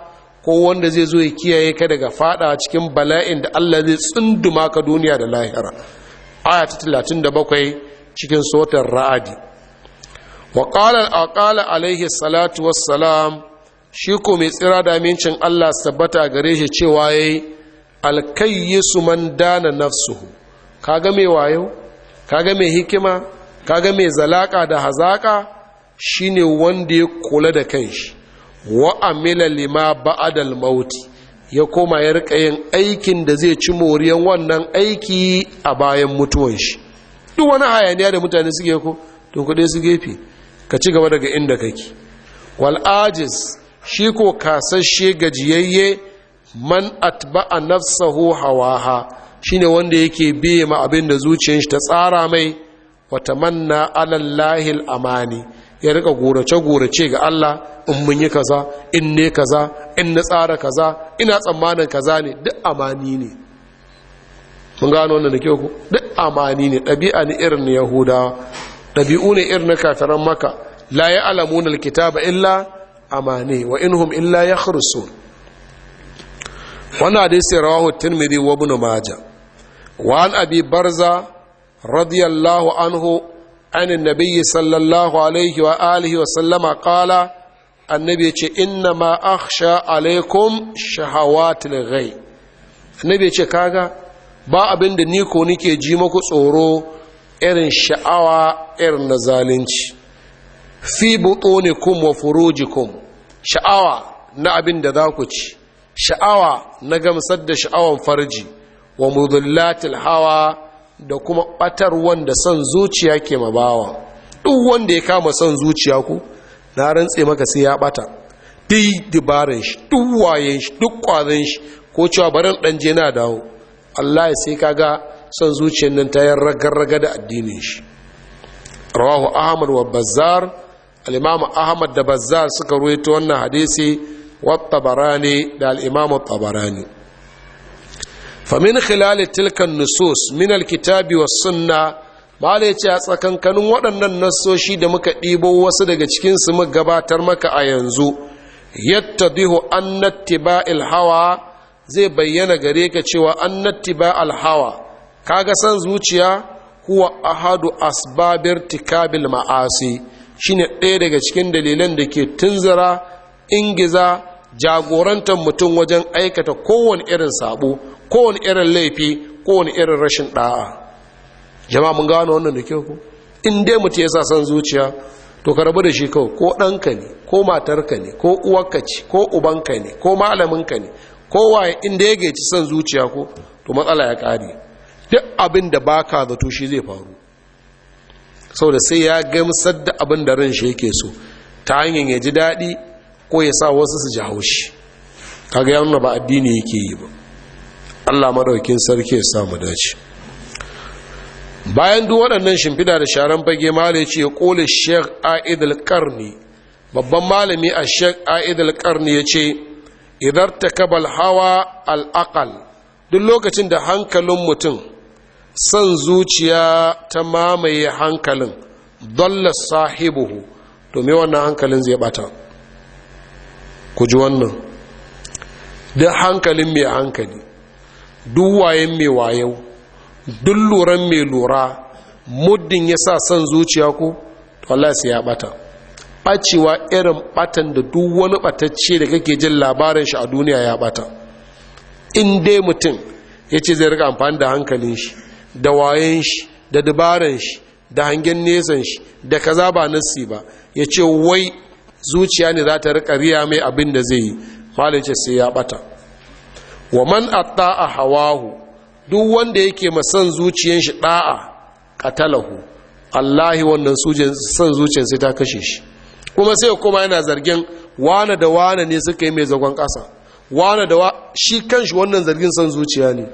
ko wanda zai zo ya kiyaye ka daga fada cikin bala'in da Allah zai tsunduma ka duniya da lahira aya ta 37 cikin sotar ra'adi wa qala alaihi salatu wassalam shi ko mai tsira da amincin Allah sabbata gare shi cewa yayi alkayyisu man dana nafsuhu kaga mai wayo kaga mai hikima kaga mai zalaƙa da hazaka shine wanda ya kula da kanshi wa amila lima ya koma ya rika yin aikin da zai ci moriyan wannan aiki a bayan mutuwan shi duk wani hayaniya da mutane suke ko to kudai su gefe ka ci gaba daga inda kake wal ajiz shi ko kasashe gajiyayye man atba'a nafsahu hawaha shine wanda yake biye ma abin da zuciyar shi ta tsara mai wa tamanna alallahi al-amani ya rika gorace gorace ga Allah in mun yi kaza in ne kaza in na tsara kaza ina tsammanin kaza ne duk amani ne mun gano wannan da kyau ku duk amani ne ɗabi'a ne irin yahudawa ɗabi'u ne irin na kafiran maka la ya alamuna alkitaba illa amane wa inhum illa ya kharusun wannan hadisi rawahu tirmidhi wa ibn majah wa an abi barza radiyallahu anhu an annabi sallallahu alaihi wa alihi wa sallama qala annabi ce inna ma akhsha alaikum shahawatil ghay annabi ce kaga ba abin da ni ko nike ji maku tsoro irin sha'awa irin na zalunci fi butonikum wa kun, sha'awa na abin da za ku ci sha'awa na gamsar da sha'awan farji wa mudullatil hawa da kuma batar wanda son zuciya ke mabawa duk wanda ya kama son zuciya ku na rantse maka sai ya ɓata, duk dibarin shi duk wayen shi duk kwazon shi ko cewa barin ɗan je na dawo Allah ya sai kaga son zuciyar nan ta yi ragar-raga da addinin shi rawahu ahmad wa bazzar al'imamu ahmad da bazzar suka ruwaito wannan hadisi wa tabarani da al'imamu tabarani famin khilali tilkan nusus min alkitabi wa sunna da ya ce a tsakankanin waɗannan nasoshi da muka ɗibo wasu daga cikinsu mu gabatar maka a yanzu Yadda an nattiba hawa zai bayyana gare ka cewa an nattiba alhawa. kaga san zuciya huwa ahadu asbabir tikabil ma'asi shine ɗaya daga cikin dalilan da ke tunzara ingiza jagorantar mutum wajen aikata kowane irin sabo kowane irin laifi kowane irin rashin ɗa'a jama'a mun gano wannan da kyau ku in dai mutum ya sa san zuciya to ka rabu da shi kawai ko ɗanka ne ko matarka ne ko uwarka ce ko ubanka ne ko malaminka ne waye in dai ya gaici son zuciya ko to matsala ya ƙare duk abin da baka zato shi zai faru Sau da sai ya gamsar da abin da ran shi yake so ta hanyar ya ji daɗi ko ya sa wasu su ji haushi ta ga yawon ba addini yake yi ba Allah maɗaukin sarki ya samu dace bayan duk waɗannan shimfida da sharan fage mala ya ce ya ƙole sheik karni babban malami a Sheik Aidal karni ya ce idar ta kabal hawa al'akal duk lokacin da hankalin mutum San zuciya ta mamaye hankalin dalla sahibuhu to wannan hankalin zai bata ku ji wannan duk hankalin mai hankali duk wayen mai wayau duk luran mai lura muddin ya sa son zuciya ku to Allah sai ya bata bacewa irin batan da duk wani batacce da kake jin labarin shi a duniya ya bata in dai mutum ya ce zai rika amfani da hankalin shi da wayen shi da dabaran shi da hangen nesan shi da kaza ba nassi ba ya ce wai zuciya ne za ta rika riya mai abin da zai yi malice sai ya bata wa man atta a hawahu duk wanda yake masan zuciyan shi da'a qatalahu allahi wannan son zuciyar sai ta kashe shi kuma sai kuma yana zargin wane da wane ne suka yi mai zagon ƙasa wane da shi kanshi wannan zargin son zuciya ne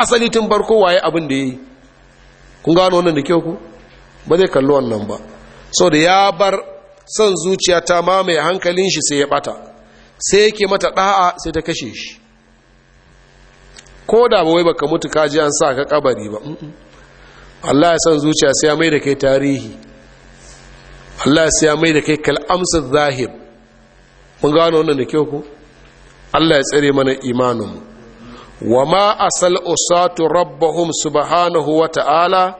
asali tun barko waye abin da ya yi kun gano wannan da kyau ku ba zai kalli wannan ba so da ya bar son zuciya ta mamaye hankalin shi sai ya bata sai yake mata da'a sai ta kashe shi ko da bawai baka mutu kaji an sa ka kabari ba Allah ya san zuciya sai ya mai da kai tarihi Allah ya sai ya mai da kai kal'amsar zahir mun gano wannan da kyau ku Allah ya tsare mana imaninmu wa ma asal usatu rabbahum subhanahu wa ta'ala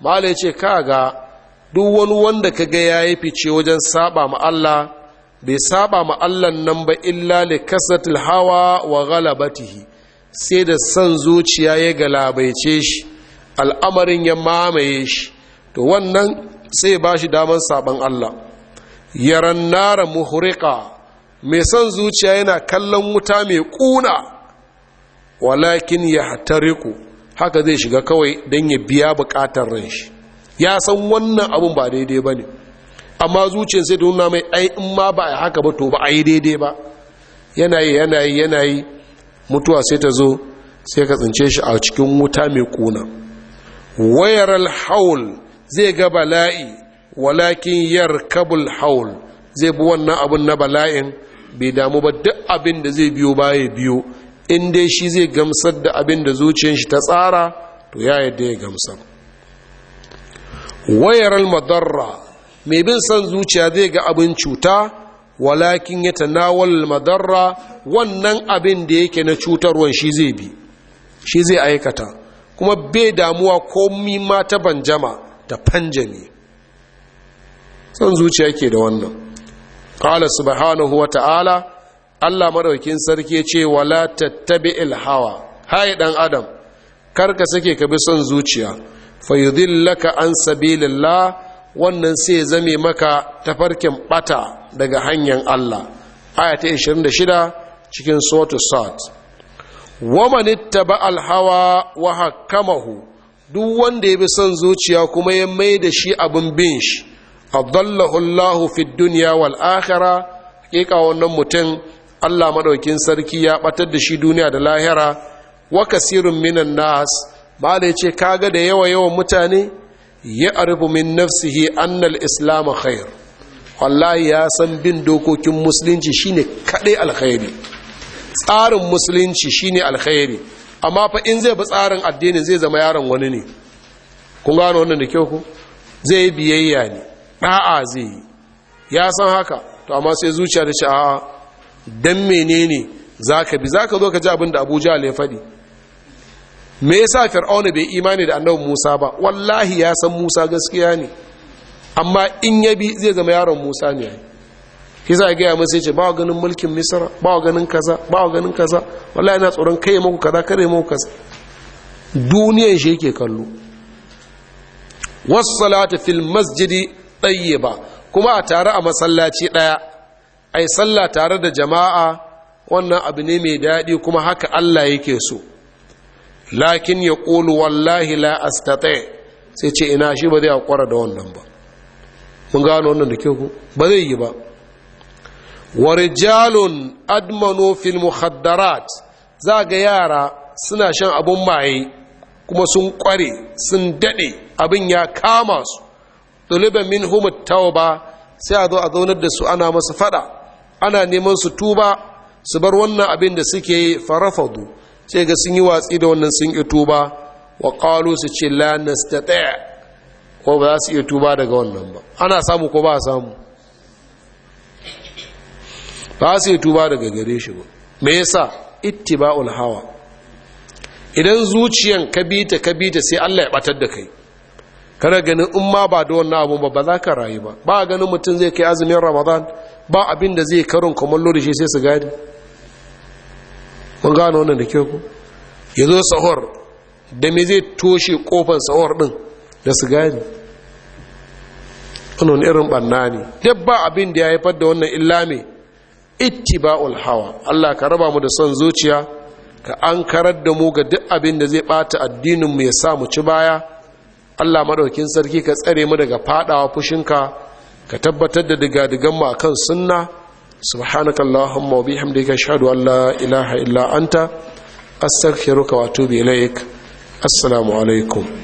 mala ce kaga duk wani wanda ka ga ya yi fice wajen saba ma Allah bai saba ma Allah nan ba illa li kasatil hawa wa ghalabatihi sai da san zuciya ya galabaice shi al'amarin ya mamaye shi to wannan sai ba shi daman saban Allah yaran nara muhriqa mai son zuciya yana kallon wuta mai kuna walakin ya hatariku haka zai shiga kawai don ya biya bukatar ran shi ya san wannan abin ba daidai ba ne amma zuciyar sai da nuna mai ai in ma ba a haka ba to ba a yi daidai ba Yanayi yanayi yanayi mutuwa sai ta zo sai ka tsince shi a cikin wuta mai kuna wayar alhaul zai ga bala'i walakin yar kabul haul zai bi wannan abin na bala'in bai damu ba duk abin da zai biyo baya biyo in dai shi zai gamsar da abin da zuciyar shi ta tsara to ya yadda ya gamsar wayar madarra mai bin son zuciya zai ga abin cuta walakin ya tanawal madarra wannan abin da yake na cutarwan shi zai bi shi zai aikata kuma bai damuwa komi ma ta banjama da fanjami son zuciya ke da wannan قال سبحانه وتعالى Allah maraukin sarki ce wa la tattabi'il hawa hai dan adam karka sake ka bi son zuciya fayudillaka an sabilillah wannan sai zame maka tafarkin bata daga hanyar Allah aya ta 26 cikin suratu sad waman ittaba alhawa wa hakamahu duk wanda ya bi son zuciya kuma ya mai da shi abin bin shi adallahu Allahu fid dunya wal akhirah hakika wannan mutum Allah maɗaukin sarki ya batar da shi duniya da lahira wa kasirun minan nas ya yace kaga da yawa yawan mutane ya arifu min nafsihi annal islam khair wallahi ya san bin dokokin musulunci shine kadai alkhairi tsarin musulunci shine alkhairi amma fa in zai bi tsarin addini zai zama yaron wani ne kun gano wannan da kyau ku zai biyayya ne da'a zai yi ya san haka to amma sai zuciya da ce a'a don menene za ka bi za ka zo ka ji abin da abu jihar ya faɗi me yasa fir'auna bai imani da annabin musa ba wallahi ya san musa gaskiya ne amma in ya bi zai zama yaron musa ne shi za gaya masu yace ba ganin mulkin misra ba ganin kaza ba ganin kaza wallahi ina tsoron kai maku kaza kare maku kaza duniyan shi yake kallo wasu salatu fil masjidi ɗayye ba kuma a tare a masallaci ɗaya ai sallah tare da jama'a wannan abu ne mai daɗi kuma haka Allah yake so lakin ya ƙulu wallahi la sai ce ina shi ba zai haƙura da wannan ba mun gano wannan da kyau ba zai yi ba wa rijalun admano fil muhaddarat za ga yara suna shan abun maye kuma sun ƙware sun daɗe abin ya kama su ɗuliban min humut tauba sai a zo a zaunar da su ana masa faɗa ana neman su tuba su bar wannan abin da suke farafadu sai ga sun yi watsi da wannan sun yi tuba wa kalu su ce la nastata ko ba za su iya tuba daga wannan ba ana samu ko ba samu ba su iya tuba daga gare shi ba me yasa ittiba'ul hawa idan zuciyan kabita kabita sai Allah ya batar da kai kana ganin in ma ba da wannan abun ba ba za ka rayu ba ba ganin mutum zai kai azumin ramadan ba abin da zai karin kumallo da shi sai su gadi mun gano wannan da ke ku ya zo sahur da me zai toshe kofar sahur ɗin da su gadi wannan irin banna ne duk ba abin da ya haifar da wannan illa me ittiba'ul hawa Allah ka raba mu da son zuciya ka an karar da mu ga duk abin da zai bata addinin mu ya sa mu ci baya Allah madaukin sarki ka tsare mu daga fadawa fushinka ka tabbatar da digadigan mu akan sunna subhanakallahumma wa bihamdika ashhadu an la ilaha illa anta astaghfiruka wa atubu ilaik assalamu alaikum